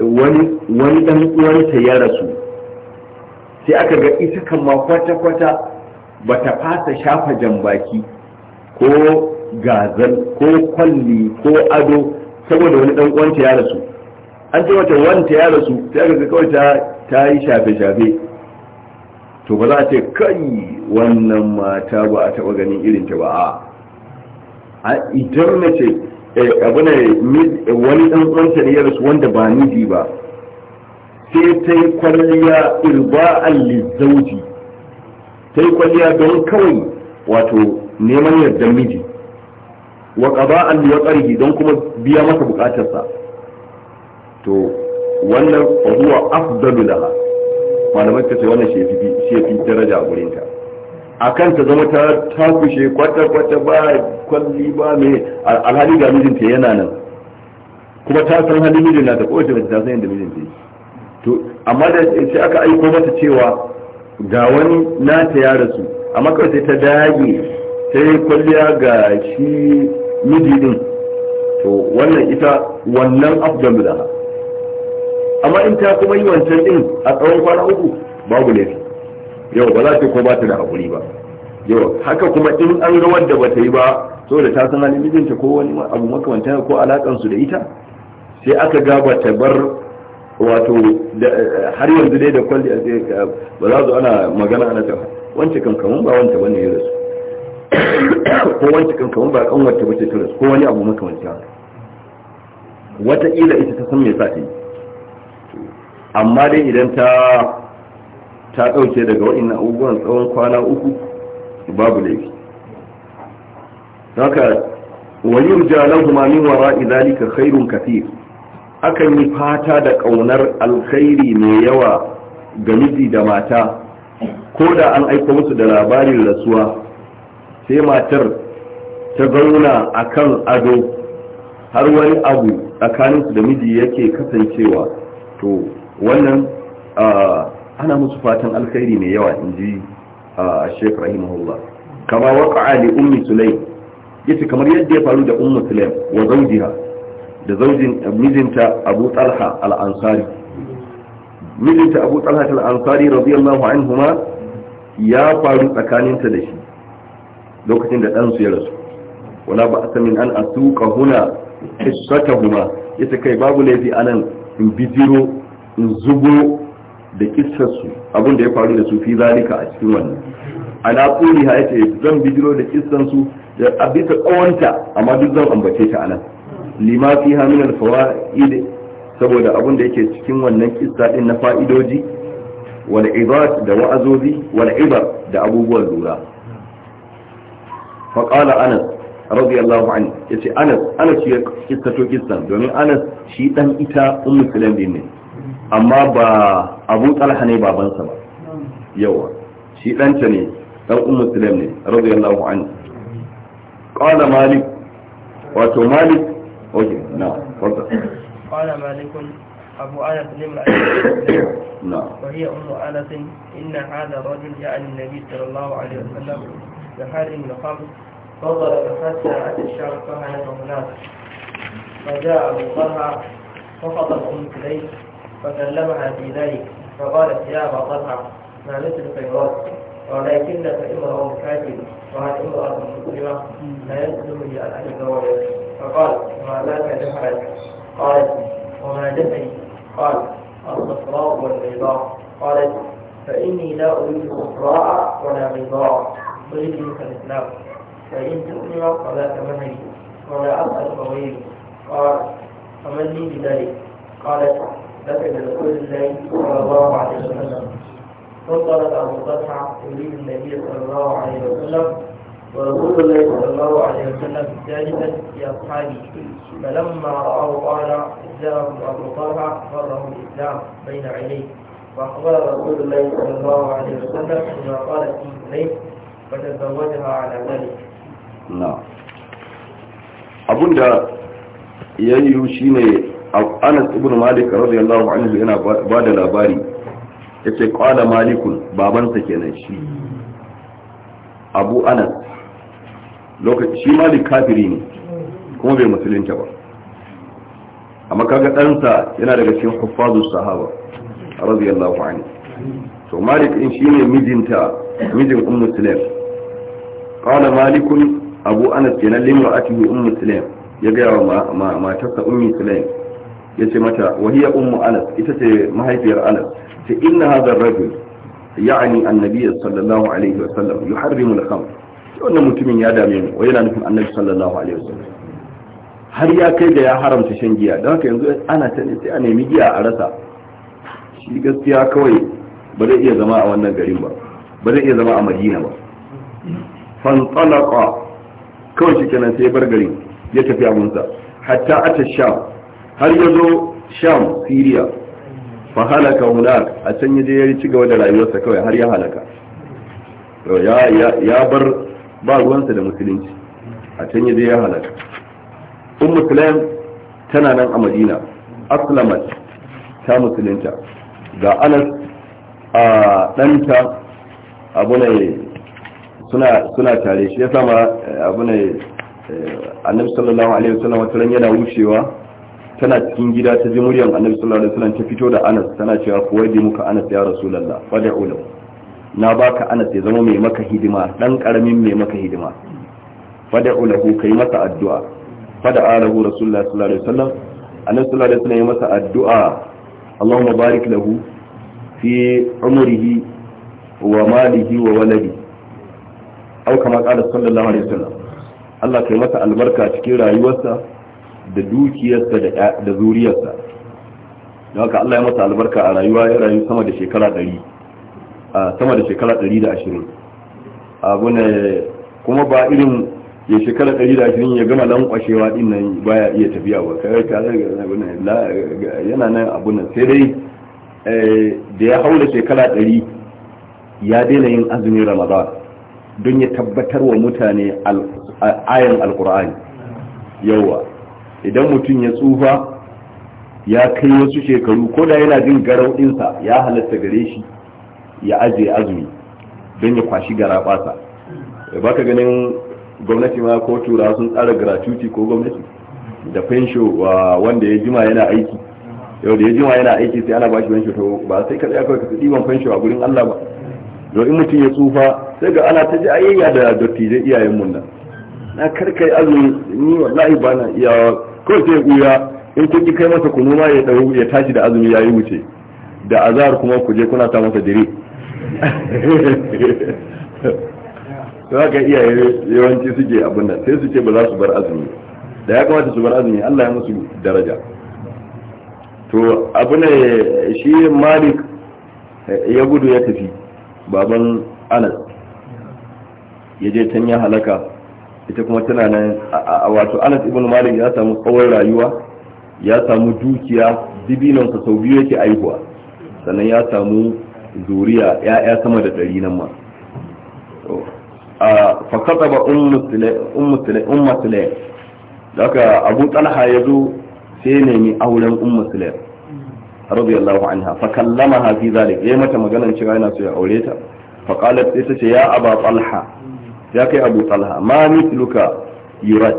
[SPEAKER 1] wani wani dan uwanta ya rasu sai aka ga ita kan ma kwata kwata bata fasa shafa jambaki baki ko gazal ko kwalli ko ado saboda wani dan uwanta ya rasu an ce wata wanta ya rasu ta ga kawai ta ta yi shafe shafe to ba za a kai wannan mata ba a taba ganin irin ta ba a idan na ce eh, abu ne wani dan uwanta ne ya rasu wanda ba ni ba sai ta yi kwalliya irba'an lizauji ta yi kwalliya don kawai wato neman yardan miji wa an li waqrihi don kuma biya masa buƙatarsa to wannan fa huwa afdalu laha malamai ta ce wannan shefi daraja a gurin ta kan ta zama ta takushe kwata kwata ba kwalli ba me alhali ga mijinta yana nan kuma ta san hali mijin na ta kowace mace ta san yadda mijinta yi to amma da sai aka aiko mata cewa ga wani nata ya rasu amma kawai sai ta dage ta yi kwalliya ga shi miji din to wannan ita wannan afdalu laha amma in ta kuma yi wancan din a tsawon kwana uku babu laifi yau ba za ta ko ba ta da hakuri ba yau haka kuma in an ga wanda ba ta yi ba saboda ta san halin mijinta ko wani abu makamanta ko alakan su da ita sai aka ga ba ta bar wato har yanzu dai da kwalliya ba za su ana magana ana ta Wancan kankanin ba wanta bane ya rasu ko wancan kan kamar ba kan wacce bace turis ko wani abu makamanci haka wataƙila ita ta san me sa ta yi amma dai idan ta ta ɗauke daga waɗannan abubuwan tsawon kwana uku babu laifi haka wani jalan min wara idalika khairun kafir akan yi fata da ƙaunar alkhairi mai yawa ga miji da mata ko da an aiko musu da labarin rasuwa sai matar ta zauna a kan ado har wani abu tsakaninsu da miji yake kasancewa to wannan ana musu fatan alkhairi mai yawa in ji a shek rahimahullah kama waka li ummi sulaim yace kamar yadda ya faru da Ummi sulaim wa zawjiha da zaujin mijinta abu talha al-ansari mijinta abu talha al-ansari radiyallahu anhuma ya faru tsakaninta da shi lokacin da ɗansu ya rasu wala ba a min an tuka huna sata huma ita kai babu laifi a nan in bijiro in zubo da kissarsu abin da ya faru da su fi zalika a cikin wannan ala tsuri ha yace zan bijiro da kissansu da abita tsawonta amma duk zan ambace ta anan lima fi ha min al saboda abin da yake cikin wannan kissa din na fa'idoji wal ibad da wa'azobi wal ibar da abubuwan lura faƙala anas radiyallahu a ya ce anas anas ya kistato kistan domin anas shi dan ita un musulun ne amma ba abu talha ne babansa ba yawa shi ɗanta ne ɗan un musulun ne radiyallahu an ƙala malik wato malik oke na farta
[SPEAKER 2] ƙala أبو أنس نمر وهي أم أنس إن هذا الرجل جاء للنبي صلى الله عليه وسلم من خمس فضل حتى أتى الشعر كهنة هناك فجاء أبو طلحة فقط أم إليه فكلمها في ذلك فقالت يا أبا طلحة ما مثل يرد ولكنك امرأ كاتب وهل امرأة مسلمة لا يسلم لي أن أتزوج فقال ما ذاك دفعت قالت وما دفعي قال الصفراء والبيضاء قالت فإني لا أريد صفراء ولا بيضاء ويدرك الإسلام فإن تؤمن فلا تمنعي ولا أسأل فغيري قال فمن لي بذلك قالت لك برسول الله صلى الله عليه وسلم فضلت أبو طلحة يريد النبي صلى الله عليه وسلم ورسول الله صلى الله عليه وسلم جالسا في أصحابه فلما رآه قال اسلام أبو طلحة فره الإسلام بين عينيه فأخبر رسول الله صلى الله عليه وسلم بما قال فيه إليه فتزوجها على ذلك
[SPEAKER 1] نعم abunda ya shi ne anas ibn malik radiyallahu anhu yana ba da labari ya ce kwada malikun babansa kenan shi abu anas lokaci shi malik kafiri ne kuma bai musulunta ba amma kaga ɗansa yana daga cikin huffazu sahaba radiyallahu anhu to malik in ne mijinta mijin ummu sulaim qala malikun abu anas kenan limra'atihi ummu sulaim ya gaya wa matarsa ummi sulaim ya ce mata wahiya ummu anas ita ce mahaifiyar anas ce inna hadha rajul ya'ni sallallahu alaihi wa sallam yuharrimu al-khamr wannan mutumin ya dame mu wai yana nufin annabi sallallahu alaihi wa sallam har ya kai da ya haramta shan giya don haka yanzu ana ta ne sai a nemi giya a rasa shi gaskiya kawai ba zai iya zama a wannan garin ba ba zai iya zama a madina ba fantalaka kawai shi kenan sai bar gari ya tafi abunsa hatta ata sham har ya zo sham syria fa halaka hunak a can ya ya ci gaba da rayuwarsa kawai har ya halaka ya ya bar ba ruwansa da musulunci a can ya ya halaka ummu sulaim tana nan a madina aslamat ta musulunta ga anas a ɗanta abu ne suna tare shi ya sama eh, abu ne eh, annabi sallallahu alaihi wasallam wata ran yana wucewa tana cikin gida ta ji annabi sallallahu alaihi wasallam ta fito da Anas tana cewa ku wadi muka Anas ya rasulullah fad'u lahu na baka Anas ya zama mai maka hidima dan karamin mai maka hidima fad'u lahu kai masa addu'a fada'a alahu rasulullah sallallahu alaihi wasallam annabi sallallahu alaihi wasallam ya masa addu'a Allahumma barik lahu fi umrihi wa malihi wa waladihi au kama qala sallallahu alaihi wasallam Allah kai masa albarka cikin rayuwarsa da dukiyarsa da zuriyarsa don haka Allah ya masa albarka a rayuwa ya rayu sama da shekara 100 sama da shekara 120 abu ne kuma ba irin ya shekara 120 ya gama lankwashewa din nan baya iya tafiya ba kai ka yana nan abu nan sai dai eh, da ya haula shekara 100 ya daina yin azumin Ramadan don ya tabbatar wa mutane ayan alkur'ani yawa idan mutum ya tsufa ya kai wasu shekaru ko da yana jin garauɗinsa ya halatta gare shi ya ajiye azumi don ya kwashi gara ya ba ka ganin gwamnati ma ko tura sun tsara gratuity ko gwamnati da fensho wanda ya jima yana aiki yau da ya jima yana aiki sai ana bashi fensho to ba sai ka tsaya kawai ka ɗiban fensho a gurin Allah ba don in mutum ya tsufa sai ga ana ta ji ayayya da dattijai iyayen mun nan na karkai azumi ni wallahi ba na iyawa ko sai uya in kun ki kai masa kunu ma ya dawo ya tashi da azumi yayi wuce da azar kuma ku je kuna ta masa dire to ga iyaye yawanci suke abin nan sai su ce ba za su bar azumi da ya kamata su bar azumi Allah ya musu daraja to abu ne shi Malik eh, ya gudu ya tafi baban Anas ya je can ya halaka ita kuma tana nan a wato anas ibn malik ya samu tsawon rayuwa ya samu dukiya dibinan sau biyu yake aihuwa sannan ya samu zuriya ya'ya sama da ɗari nan ma a fakata ba un sulaim daga abu talha ya zo sai nemi auren ummu rabi radiyallahu anha fa kallamaha fi zalik yayi mata maganar cewa yana so ya aure ta fa qalat sai ta ce ya aba talha ya kai abu talha ma luka yurad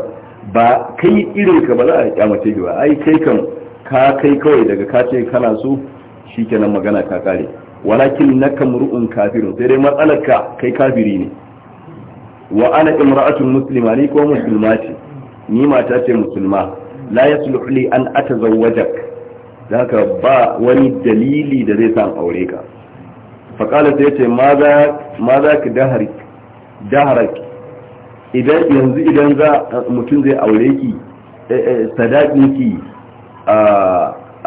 [SPEAKER 1] ba kai irin ka ba za a kyamace ba ai kai kan ka kai kawai daga ka ce kana so shikenan magana ka kare walakin naka mur'un kafirun sai dai matsalar ka kai kafiri ne wa ana imra'atun muslima ni ko musulma ce ni mata ce musulma la yasluhu li an atazawwajak zaka ba wani dalili da zai san aure ka faqala sai ce ma za ma za ki daharak idan yanzu idan za mutum zai aure ki eh, eh, sadakin ki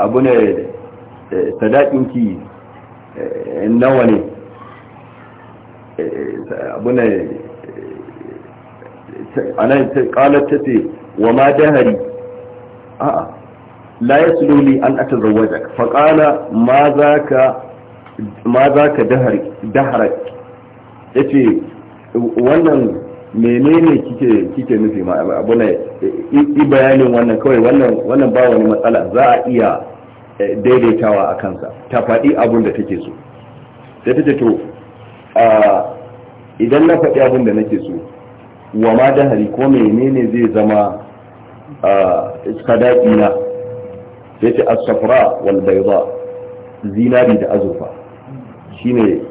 [SPEAKER 1] abu ne eh, sadakin ki nawa ne abu ne ana kalar ta ce wa ma dahari a la yaslu li an ata fa qala ma zaka ma zaka dahari ya ce wannan menene kike kike nufi ma abu ne i bayanin wannan kawai wannan wannan ba wani matsala za a iya eh, daidaitawa a kansa ta faɗi abun da take so sai ta ce to idan na faɗi abun da nake so wa ma dahari ko menene zai zama sadaki na sai ta as wal bayda zinari da azurfa shine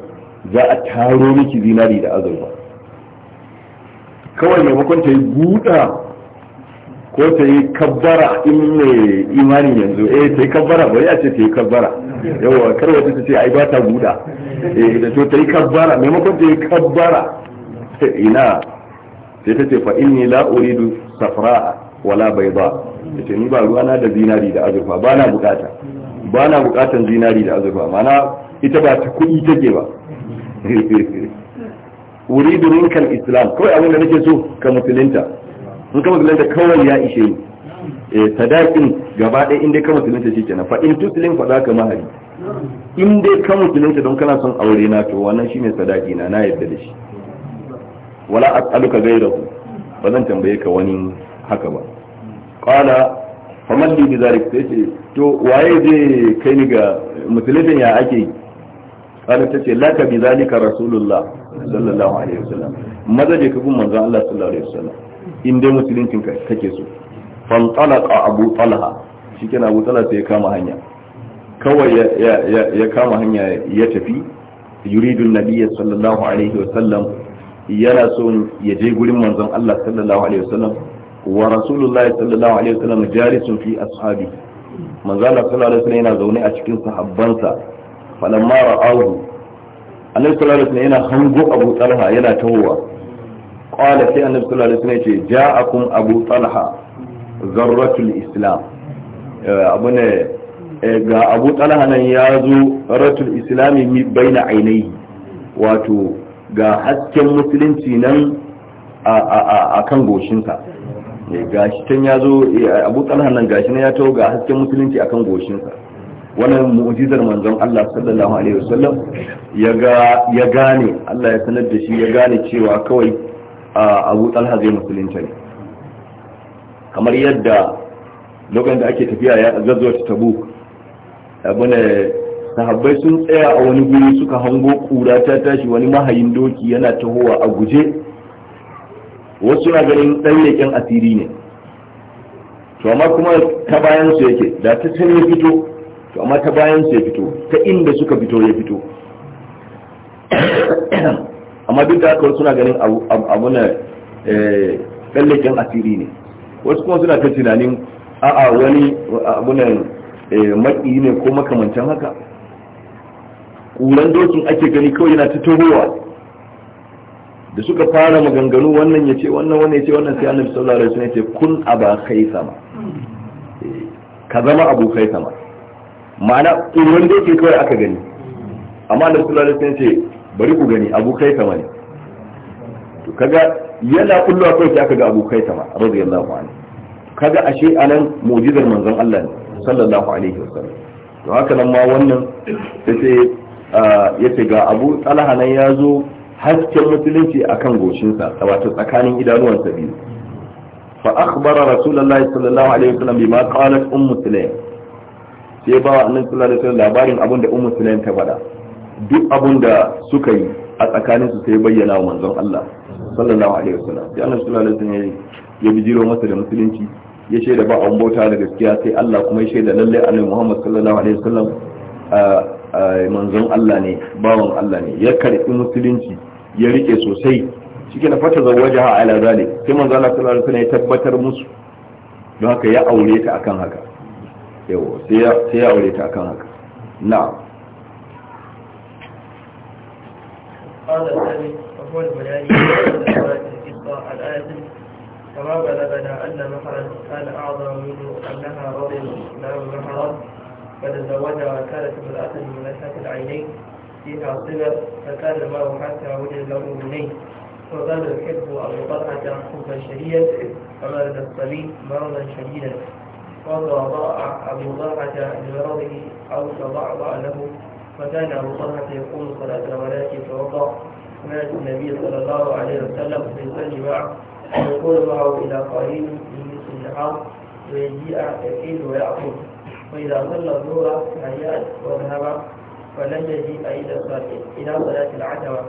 [SPEAKER 1] za a taro miki zinari da azurfa kawai maimakon ta yi buɗa ko ta yi kabbara in mai imani yanzu eh ta yi kabbara bari a ce ta yi kabbara yawa karwa wata ta ce ai ba ta buɗa eh da to ta yi kabbara maimakon ta yi kabbara ina sai ta ce fa inni la uridu safra wala bayda ce ni ba ruwa na da zinari da azurfa ba na bukata ba na bukatan zinari da azurfa mana ita ba ta kuɗi take ba uridu minkal islam kawai abin da nake so ka musulunta in ka musulunta kawai ya ishe ni eh, sadakin gaba ɗaya in dai ka musulunta shi kenan fa in tuslim fa zaka mahari in dai ka musulunta don kana son aure na to wannan shine sadaki na na yadda da shi wala as'aluka ghayrahu ba zan tambaye ka wani haka ba qala faman bi zalik sai ce to waye zai kai ni ga musulunta ya ake yi qalat ta ce bi zalika rasulullah sallallahu alaihi wasallam maza ka bin manzon Allah sallallahu alaihi wasallam dai musuluncin ka kake so fantalaqa abu talha shike abu talha ya kama hanya kawai ya kama hanya ya tafi yana so ya je gurin manzon Allah sallallahu alaihi wasallam wa rasulullahi sallallahu alaihi wasallam jalisun fi ashabi manzon Allah sallallahu alaihi wasallam yana zaune a cikin sahabbansa falamma ra'ahu annabi sallallahu alaihi wasallam yana hango abu talha yana tawowa qala sai annabi sallallahu alaihi wasallam yace ja'akum abu talha zarratul islam eh, abu ne eh, ga abu talha nan ya zo ratul islami mi baina ainihi wato ga hasken musulunci nan a kan goshinsa eh, gashi can ya zo abu talha nan gashi na ya taho ga hasken musulunci a kan goshinsa wannan mu'jizar manzon Allah sallallahu alaihi wasallam ya gane Allah ya sanar da shi ya gane cewa kawai Abu Talha zai musulunta ne kamar yadda lokacin da ake tafiya ya zazzo ta Tabuk abune sahabbai sun tsaya a wani guri suka hango kura ta tashi wani mahayin doki yana tahowa a guje wasu na ganin dan leken asiri ne to amma kuma ta bayan su yake da ta sun fito to amma ta bayan su ya fito ta inda suka fito ya fito amma duk da haka wasu suna ganin abu na eh, tsallaken asiri ne wasu kuma suna ta tunanin a'a wani abu na eh, maki ne ko makamancin haka ƙuran dokin ake gani kawai yana ta tohowa da suka fara maganganu wannan ya ce wannan wannan ya ce wannan sai annabi sallallahu alaihi wasallam ya ce kun aba kai sama hmm. eh, ka zama kai sama ma'ana tsoron da yake kawai aka gani amma da su sun ce bari ku gani abokai ta kama ne to kaga yana kulluwa kawai sai aka ga abu kai kama ku anhu kaga ashe anan mu'jizar manzon Allah ne sallallahu alaihi wasallam to haka nan ma wannan sai yace ga abu talha nan ya zo hasken musulunci akan goshinsa wato tsakanin idanuwansa biyu fa akhbara rasulullahi sallallahu alaihi wasallam bima qalat ummu sulaim sai ba annabi sallallahu alaihi wasallam labarin abin da ummu sulaim ta faɗa duk abin da suka yi a tsakanin su sai bayyana wa manzon Allah sallallahu alaihi wasallam sai annabi sallallahu alaihi wasallam ya bijiro masa da musulunci ya shaida ba an bauta da gaskiya sai Allah kuma ya shaida lalle annabi Muhammad sallallahu alaihi wasallam manzon Allah ne bawan Allah ne ya karbi musulunci ya rike sosai shike na fata zawajaha ala zalik sai manzon Allah sallallahu alaihi wasallam ya tabbatar musu don haka ya aure ta akan haka yawa sai ya aure ta akan haka na'am
[SPEAKER 2] قال الثاني وهو البياني بلغنا أن مهرا كان أعظم منه أنها رضي الإسلام مهرا فتزوجها كانت امرأة من نشأة العينين فيها صبر فكان الماء حتى وجد له منين وكان يحب أبو طلحة حبا شديدا فمرض الصبي مرضا شديدا فتضاع أبو طلحة لمرضه أو تضعضع له فكان أبو طلحة يقول صلاة ولكن توضأ مات النبي صلى الله عليه وسلم فيصلي معه ويقول معه إلى قليل من نصف النهار ويجيء يكيد ويأخذ وإذا صلى الظهر هيأت وذهب فلن يجيء إلى إلى صلاة العتبة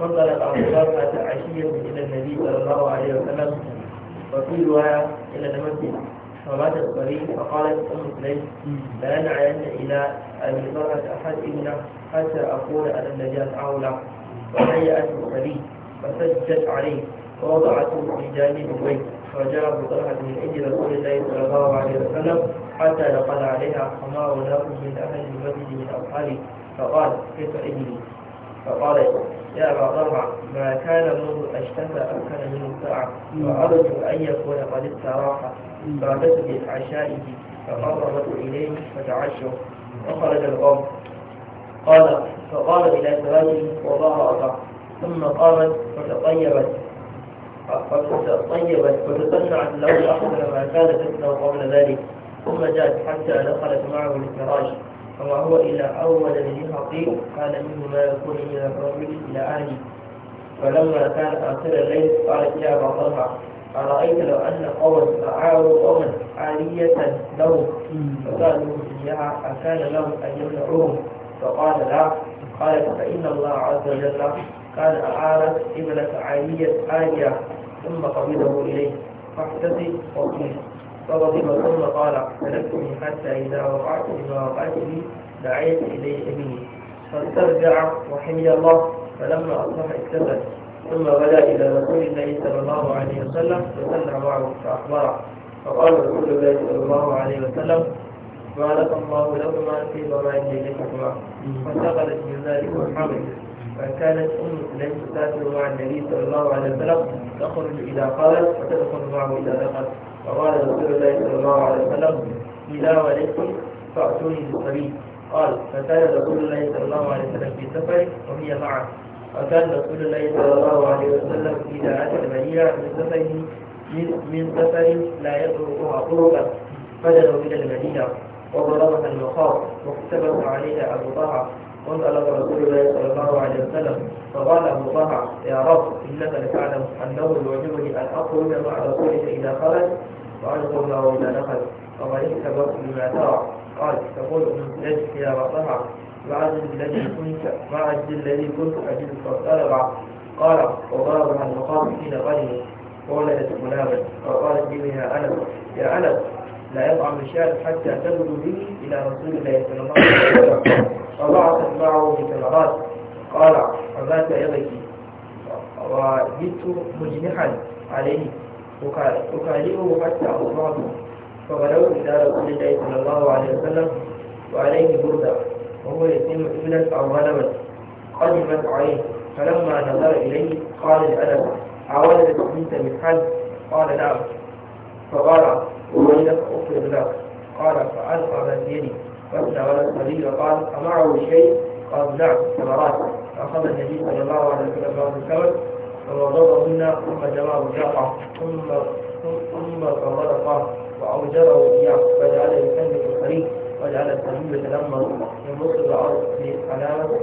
[SPEAKER 2] فصلت أبو طلحة عشية إلى النبي صلى الله عليه وسلم وفي رواية إلى المسجد فمات الصبي فقالت أم سليم لا نعين إلى أن يضرة أحد ابنه حتى أقول أن النجاة أولى وهيأت الصبي فسجت عليه ووضعته في جانب البيت فجاء بطلحة من عند رسول الله صلى الله عليه وسلم حتى دخل عليها فما له من أهل المسجد من أصحابه فقال كيف ابني؟ فقال يا أبا طلحة ما كان منذ أشتهى أمكن من ساعة وأرجو أن يكون قد استراح بعدت بعشائه فقربت إليه فتعشوا وخرج الغم قال فقال إلى سواده وضاعف ثم قامت فتطيبت فتطيبت وتطلعت له أحسن ما كانت تسمع قبل ذلك ثم جاءت حتى دخلت معه للفراش فما هو إلا أول الذي كان منه ما يكون إلى رجل إلى أهلي فلما كان آخر الليل قالت يا أبا طلحة أرأيت لو أن قوما أعاروا قوما عالية لهم فقالوا إياها أكان لهم أن يمنعوهم فقال لا قالت فإن الله عز وجل كان أعارت ابنة عالية عالية ثم قبضه إليه فاحتسي وقيل فغضب ثم قال تركتني حتى إذا وقعت بما وقعت بي دعيت إليه ابني فاسترجع وحمي الله فلما أصبح اكتفت ثم بدا إلى رسول الله صلى الله عليه وسلم فسلم معه فأخبره فقال رسول الله صلى الله عليه وسلم بارك الله لكما في ضمان لحكمة فانتقلت من ذلك الحمد فكانت أم سليم تسافر مع النبي صلى الله عليه وسلم تخرج إذا قالت وتدخل معه إذا دخل فقال رسول الله صلى الله عليه وسلم إذا ولدت فأتوني بالصبي قال فكان رسول الله صلى الله عليه وسلم في سفر وهي معه وكان رسول الله صلى الله عليه وسلم في دعاة المدينة من سفر من سفر لا يطرقها طرقا فجروا إلى المدينة وضربها المخاض واكتبه عليها أبو طه وانطلق رسول الله صلى الله عليه وسلم فقال أبو طه يا رب إنك لتعلم أنه يعجبني أن أخرج مع رسولك إذا خرج وأن قبله إذا دخل وقد بما ترى قال تقول من يا وطه بعد الذي كنت بعد الذي كنت أجد فقال قال وضربها المقام حين غني وولدت منابت فقالت بها أنس يا أنس لا يطعم الشاب حتى تبدو به إلى رسول الله صلى الله عليه وسلم فضعت معه بثمرات قال فمات يضك وجدت مجنحا عليه أكالئه حتى أصابه فغلوت إلى رسول الله صلى الله عليه وسلم وعليه بردة وهو يتم إبلة أو غنمة قدمت عليه فلما نظر إليه قال الأدب أولد أنت من حد قال نعم فقال وإنك أخرج لك قال فألقى من يدي ولد قليل قال أمعه شيء قال نعم ثمرات فأخذ النبي صلى الله عليه وسلم بعض الثمر فوضعه فوضعهن ثم جمع رجاقه ثم ثم فرقه وأوجره إياه فجعله يسلك الخليل وجعل الصحيبة لما ينبسط العرض في علامة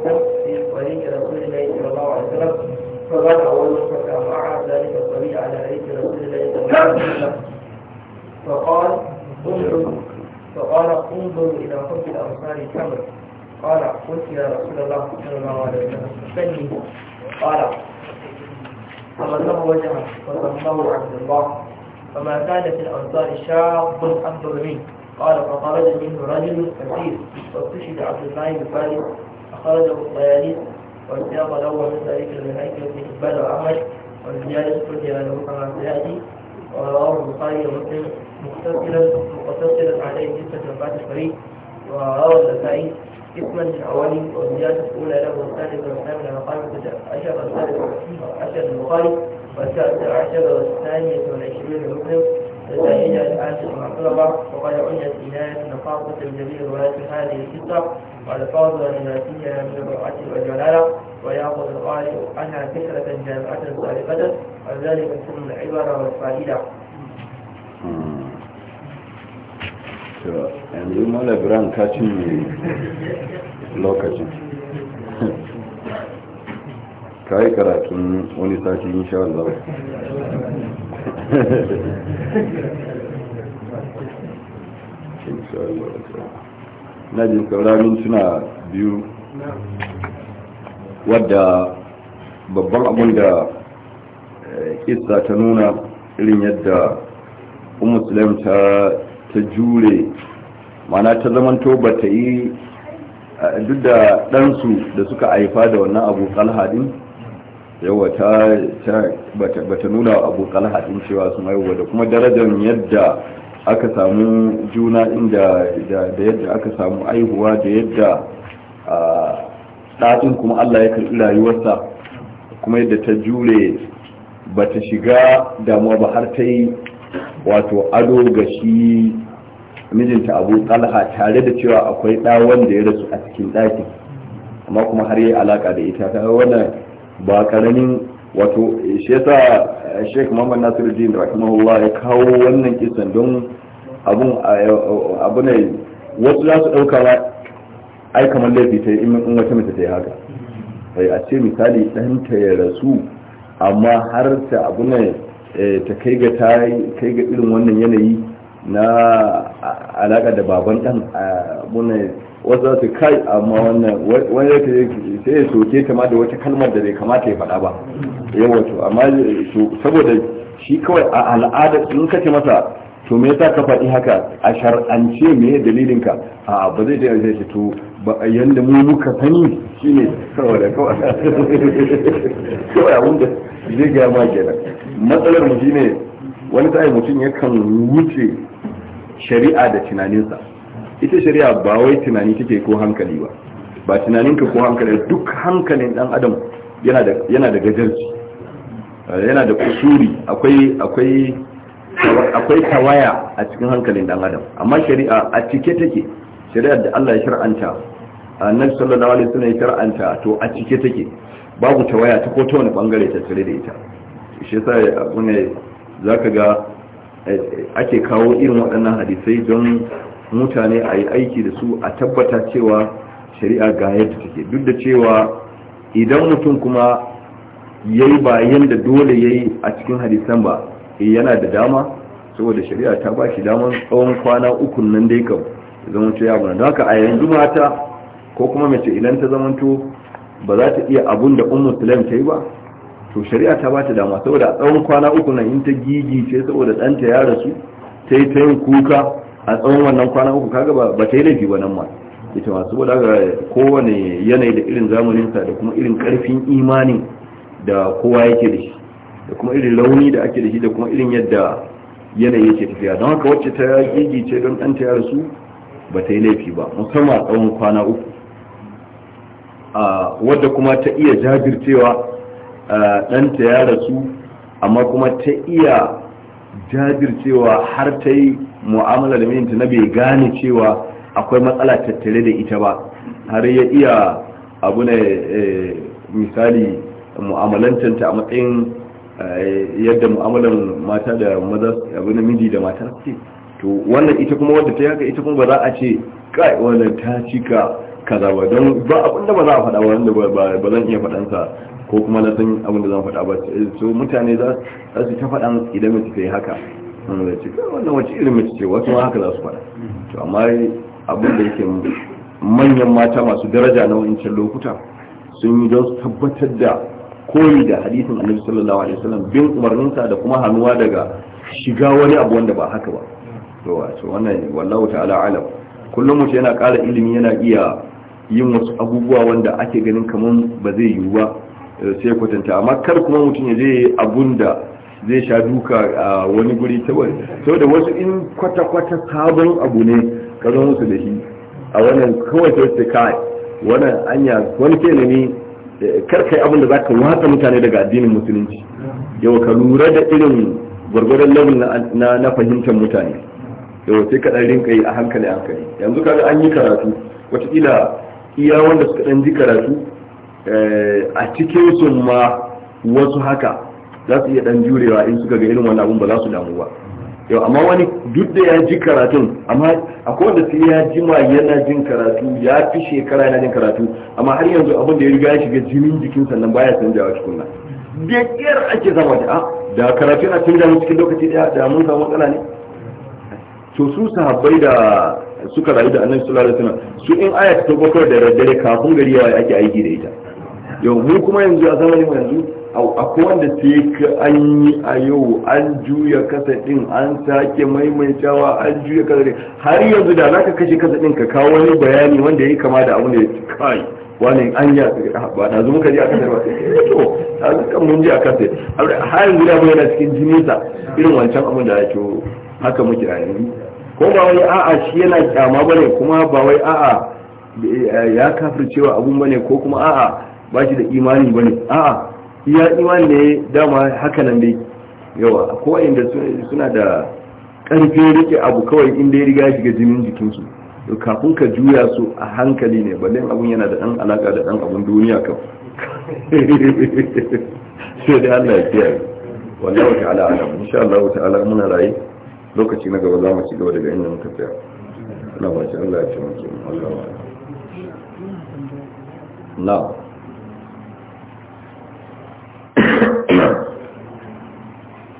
[SPEAKER 2] في طريق رسول الله صلى الله عليه وسلم فقال أول فجمع ذلك الطريق على ريش رسول الله صلى الله عليه وسلم فقال انظر فقال انظر إلى حب الأنصار التمر قال قلت يا رسول الله صلى الله عليه وسلم استني قال فغسله وجهه وسماه عبد الله فما كان في الأنصار شاب أكبر منه قال فخرج منه رجل كثير فاستشهد عبد الله بن خالد أخرجه الطيالين والسياق الأول من ذلك المنهج بن حبان وأحمد والزيادة تجي له كما سيأتي ورواه البخاري ومسلم مقتصرا مقتصرا عليه جثه بعد الفريق ورواه النسائي اسما من أوله والزيادة الأولى له والثالثة والثامنة وقال عشر والثالثة عشر البخاري والثالث عشر والثانية والعشرين لمسلم فإن آسر طلبة وقد عنيت إناية نقاطة الجميل ولاة هذه الستة والفاظ الناسية من الرعاة والجلالة ويأخذ القارئ عنها فكرة جامعة سابقة وذلك ثم العبرة والفائدة.
[SPEAKER 1] yanzu mala biran kacin ne lokacin ka yi karatun wani na jin suna biyu wadda babban abin da ƙisa eh, ta nuna irin yadda umusulam ta ta jure mana ta zamanto ba ta yi eh, duk da ɗansu da suka haifa da wannan abu hadin. yawa ta bata nuna wa abu talha din cewa su haihuwa da kuma darajar yadda aka samu juna inda da yadda aka samu aihuwa da yadda ɗaɗin kuma allah ya karɓi rayuwarsa kuma yadda ta jure bata shiga damuwa ba har ta yi wato ado ga shi mijinta abu talha tare da cewa akwai ɗa da ya rasu a cikin ɗakin amma kuma har yi alaƙa da ita ta wannan ba karamin wato shi yasa eh, Sheikh Muhammad Nasiruddin rahimahullah ya kawo wannan kisan don abun eh, eh, abu ne wasu za su dauka ba ai kamar laifi ta yi in wata mace ta yi haka bai a ce misali ta ya rasu amma har ta abu ne ta kai ga ta kai ga irin wannan yanayi na alaka da baban ɗan muna wasu za su kai amma wannan wani yake sai ya soke ta ma da wata kalmar da bai kamata ya faɗa ba to amma saboda shi kawai a al'ada in ka ce masa to me yasa ka faɗi haka a shar'ance me dalilin ka a ba zai da zai to ba yanda mu muka sani shine saboda kawai kawai abin da zai ga ma kenan matsalar mu shine wani sa'ai mutum yakan wuce shari'a da tunaninsa ita shari'a ba wai tunani take ko hankali ba ba tunaninka ko hankali duk hankalin dan adam yana da gajarci eh, yana da kusuri akwai tawaya a cikin hankalin dan adam amma shari'a a cike take shari'ar da Allah ya shar'anta annabi sallallahu alaihi wasallam ya shar'anta to a cike take babu tawaya ta ko ta wani bangare ta tare da ita shi yasa za ka ga eh, eh, ake kawo irin waɗannan hadisai don mutane a yi aiki da su a tabbata cewa shari'a ga yadda take duk da cewa idan mutum kuma ya yi bayan da dole ya yi a cikin hadisan ba eh, yana da dama saboda shari'a ta ba shi damar tsawon kwana uku nan dai kam ya zama ce ya don haka a yanzu mata ko kuma mace idan ta zamanto ba za ta iya abun da ummu sulaim ta yi ba to shari'a ta ba ta dama saboda tsawon kwana uku nan in ta gigi ce saboda ɗanta ya rasu ta yi ta yin kuka a tsawon wannan kwana uku kaga ba ta yi laifi ba nan ma ita ma saboda ga kowane yanayi da irin zamaninsa da kuma irin karfin imani da kowa yake da shi da kuma irin launi da ake da shi da kuma irin yadda yanayi yake tafiya don haka wacce ta gigi ce don ɗanta ya rasu ba ta yi laifi ba musamman a tsawon kwana uku a wadda kuma ta iya jajircewa ɗanta ya rasu amma kuma ta iya jajircewa har ta yi mu'amala da mijinta na bai gane cewa akwai matsala tattare da ita ba har ya iya abu ne eh, misali mu'amalantanta a matsayin eh, yadda mu'amalan mata da maza abu na miji da mata ce to wannan ita kuma wadda ta yi haka ita kuma ba za a ce kai wannan ta cika kaza ba don ba abinda ba za a faɗa wanda ba zan iya faɗansa ko kuma na san abin da zan faɗa ba so mutane za su ta faɗa idan mace ta yi haka wanda ce wannan wace irin mace ce wasu ma haka za su faɗa to amma abin da yake manyan mata masu daraja na wancan lokuta sun yi don su tabbatar da koyi da hadisin annabi sallallahu alaihi wasallam bin umarninsa da kuma hannuwa daga shiga wani abu wanda ba haka ba to wannan wallahu ta'ala alam kullum mutum yana ƙara ilimi yana iya yin wasu abubuwa wanda ake ganin kamar ba zai yiwu ba sai kwatanta amma kar kuma mutum ya je abun da zai sha duka a wani guri saboda wasu in kwata-kwata sabon abu ne ka zo musu da shi a wannan kawai ta wasu kai wannan anya wani ke ne kar kai abin da za ka watsa mutane daga addinin musulunci yau ka lura da irin gwargwadon labin na fahimtar mutane yau sai ka dan rinka a hankali hankali yanzu kaga an yi karatu wataƙila iya wanda suka ɗan ji karatu Eh, a cikin sun ma wasu haka za su iya dan jurewa in suka ga irin wannan abun ba za su damu ba yau amma wani duk da ya ji karatun amma akwai wanda sai ya jima yana jin karatu ya fi shekara yana jin karatu amma har yanzu abin da ya riga ya shiga jinin jikin sannan baya canjawa cikin nan da kiyar ake zama da ah, da karatu yana canjawa cikin lokaci da da mun samu matsala ne to su sahabbai da suka rayu da annabi sallallahu alaihi wasallam su in aya ta bakwai da daddare kafin gari ya ake aiki da ita yau mu kuma yanzu a zamanin yanzu akwai wanda sai ka an yi a yau an juya kasadin an sake maimaitawa an juya kasadin har yanzu da za ka kashe kasadin ka kawo wani bayani wanda ya yi kama da abu da ya kai wani an yi a ah, ba na zuwa kaji a kasar ba sai eh, to a zuka mun ji a kasar har yanzu da yana cikin jinisa irin wancan abu da ya haka muke a yanzu ko ba wai a'a shi yana kyama bane kuma ba wai a'a eh, ya kafircewa abun bane ko kuma a'a ba shi da imani ba ne a'a ya imani ne dama haka nan dai yawa ko inda suna da ƙarfin rike abu kawai inda ya riga shiga jinin jikinsu kafin ka juya su a hankali ne balle abun yana da ɗan alaƙa da ɗan abun duniya kan sai da Allah ya kiyaye wallahu ta'ala alam insha Allah ta'ala muna raye lokaci na gaba za mu ci gaba daga inda muka tsaya Allah ba shi Allah ya ci mu Allah ba na
[SPEAKER 3] نعم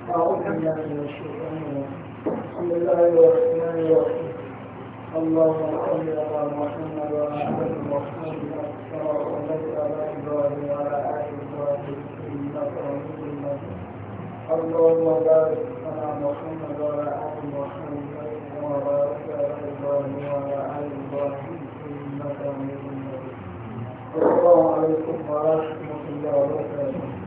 [SPEAKER 3] بسم الله الرحمن الرحيم اللهم صل على محمد وعلى ال محمد كما صليت على ابراهيم وعلى ال ابراهيم انك حميد مجيد اللهم بارك على محمد وعلى ال محمد وعلى ال ابراهيم انك حميد مجيد السلام عليكم ورحمه الله وبركاته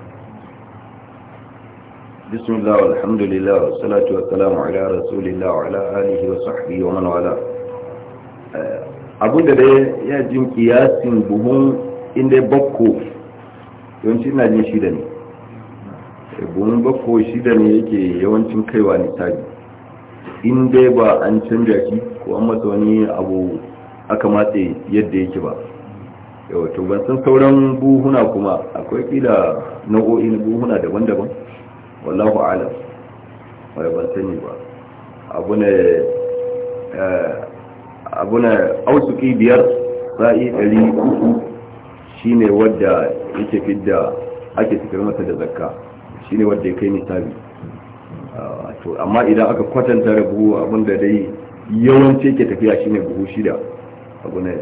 [SPEAKER 1] بسم الله والحمد لله والصلاة والسلام على رسول الله وعلى آله وصحبه ومن والاه abun da dai ya jin kiyasin buhun inda bakko yawancin na jin shida ne buhun bakko shida ne yake yawancin kaiwa nisabi in dai ba an canja shi ko an masa wani abu aka matse yadda yake ba yawato ban san sauran buhuna kuma akwai kila nau'o'in buhuna daban-daban wallahu alam wai ban sani ba abu ne eh, abu ne ausuki biyar sa'i ɗari uku shine wadda yake fidda ake cikin mata da zakka shine wadda ya kai misali ah, to amma idan aka kwatanta da buhu abinda dai yawanci ke tafiya shine buhu shida abu ne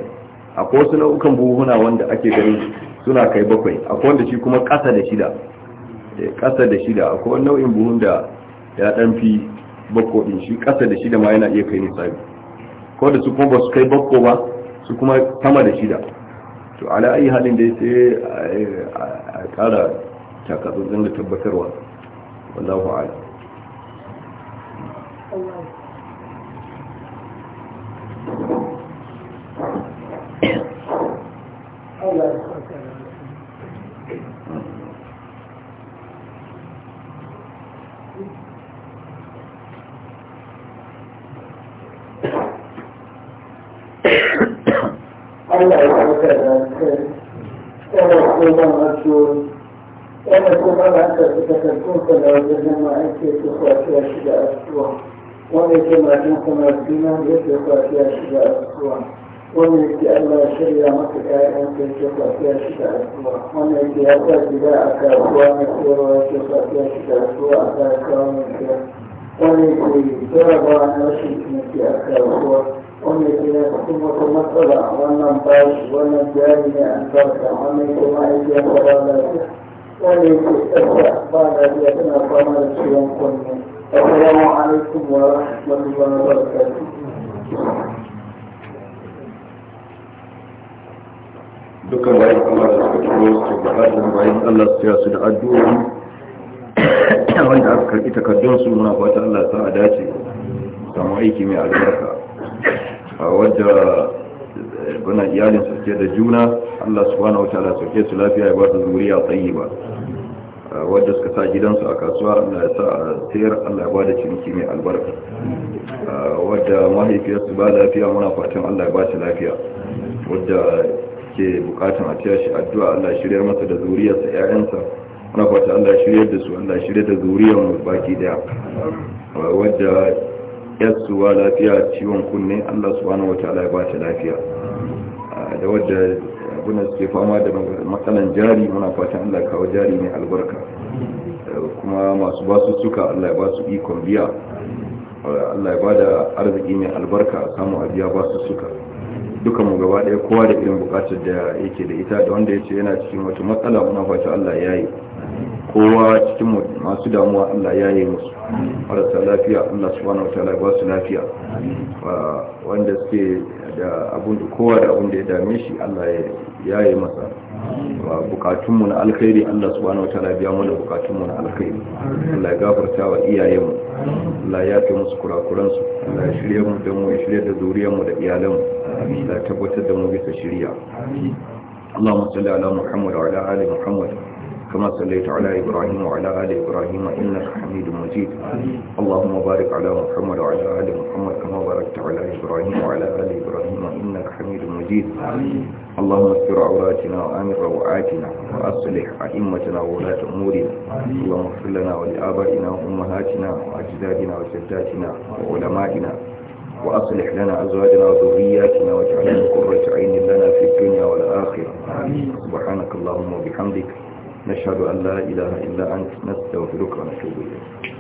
[SPEAKER 1] akwai wasu nau'ukan buhuhuna wanda ake gani suna kai bakwai akwai wanda shi kuma ƙasa da shida kasa da shida akwai wani nau'in buhun da ya dan fi bakko din shi kasa da shida ma yana iya kai nisabi ko da su kuma ba su kai bakko ba su kuma sama da shida to ala ayi halin da sai a kara takatsantsan da tabbatarwa wallahu a'lam
[SPEAKER 4] الإيمان يطلق في أشياء الصور ومن يتأل الله شريع مكتك أنت يطلق في أشياء ومن
[SPEAKER 3] يتأل تباعك أخوان الصور ويطلق في أشياء الصور أخوان الصور ومن يتأل تربى أن رشيك نتأك أخوان ومن يتأل تسمى تمثلا ومن باش ومن جاهل أن تركع ومن يتأل ما يتأل تبالك ومن يتأل تبالك ومن يتأل تبالك ومن يتأل تبالك ومن يتأل تبالك السلام عليكم ورحمة الله وبركاته
[SPEAKER 1] dukkan bayan kuma da suka turo su bukatar bayan Allah su ya su da addu'o'i wanda aka karɓi takardun su muna fata Allah sa a dace samu aiki mai albarka a wadda eh, bana iyalin su ke da juna Allah subhanahu wa ta'ala su ke su lafiya ya ba su zuriya tsayi ba wadda suka sa gidansu a kasuwa na ya sa a tsayar Allah ya bada ciniki mai albarka wadda mahaifiyarsu ba lafiya muna fatan Allah ya ba shi lafiya wadda ke bukatan a tiya shi addu'a Allah shirya masa da zuriyarsa ƴaƴansa muna fatan Allah shirya da su Allah shirya da zuriyar mu baki daya wadda yarsu lafiya ciwon kunne Allah subhanahu wataala ya ba ta lafiya da wadda abinda suke fama da matsalan jari muna fatan allah kawo jari mai albarka kuma masu basu suka allah ya ba su ikon biya allah ya ba da arziki mai albarka samu a biya basu suka duka mu gaba daya kowa da irin bukatar da yake da ita da wanda ya ce yana cikin wata matsala muna fatan allah ya yi kowa cikin masu damuwa Allah ya yi musu marasa lafiya Allah subhanahu wa ta'ala ba su lafiya wanda suke da abun da kowa da abun da ya dame shi Allah ya yi masa Wa bukatunmu na alkhairi Allah subhanahu wataala biya mana bukatunmu na alkhairi Allah ya gafarta wa iyayenmu Allah ya yafe musu kurakuran su Allah ya shirya mu da mu ya da zuriyar mu da iyalan mu Allah ya tabbatar da mu bisa shiriya Allahumma salli ala Muhammad wa ala ali Muhammad كما صليت على إبراهيم وعلى آل إبراهيم إنك حميد مجيد اللهم بارك على محمد وعلى آل محمد كما باركت على إبراهيم وعلى آل إبراهيم إنك حميد مجيد اللهم استر عوراتنا وآمن روعاتنا وأصلح أئمتنا وولاة أمورنا اللهم اغفر لنا ولآبائنا وأمهاتنا وأجدادنا وجداتنا وعلمائنا وأصلح لنا أزواجنا وذرياتنا واجعلنا قرة عين لنا في الدنيا والآخرة سبحانك اللهم وبحمدك نشهد أن لا إله إلا أنت نستغفرك ونتوب إليك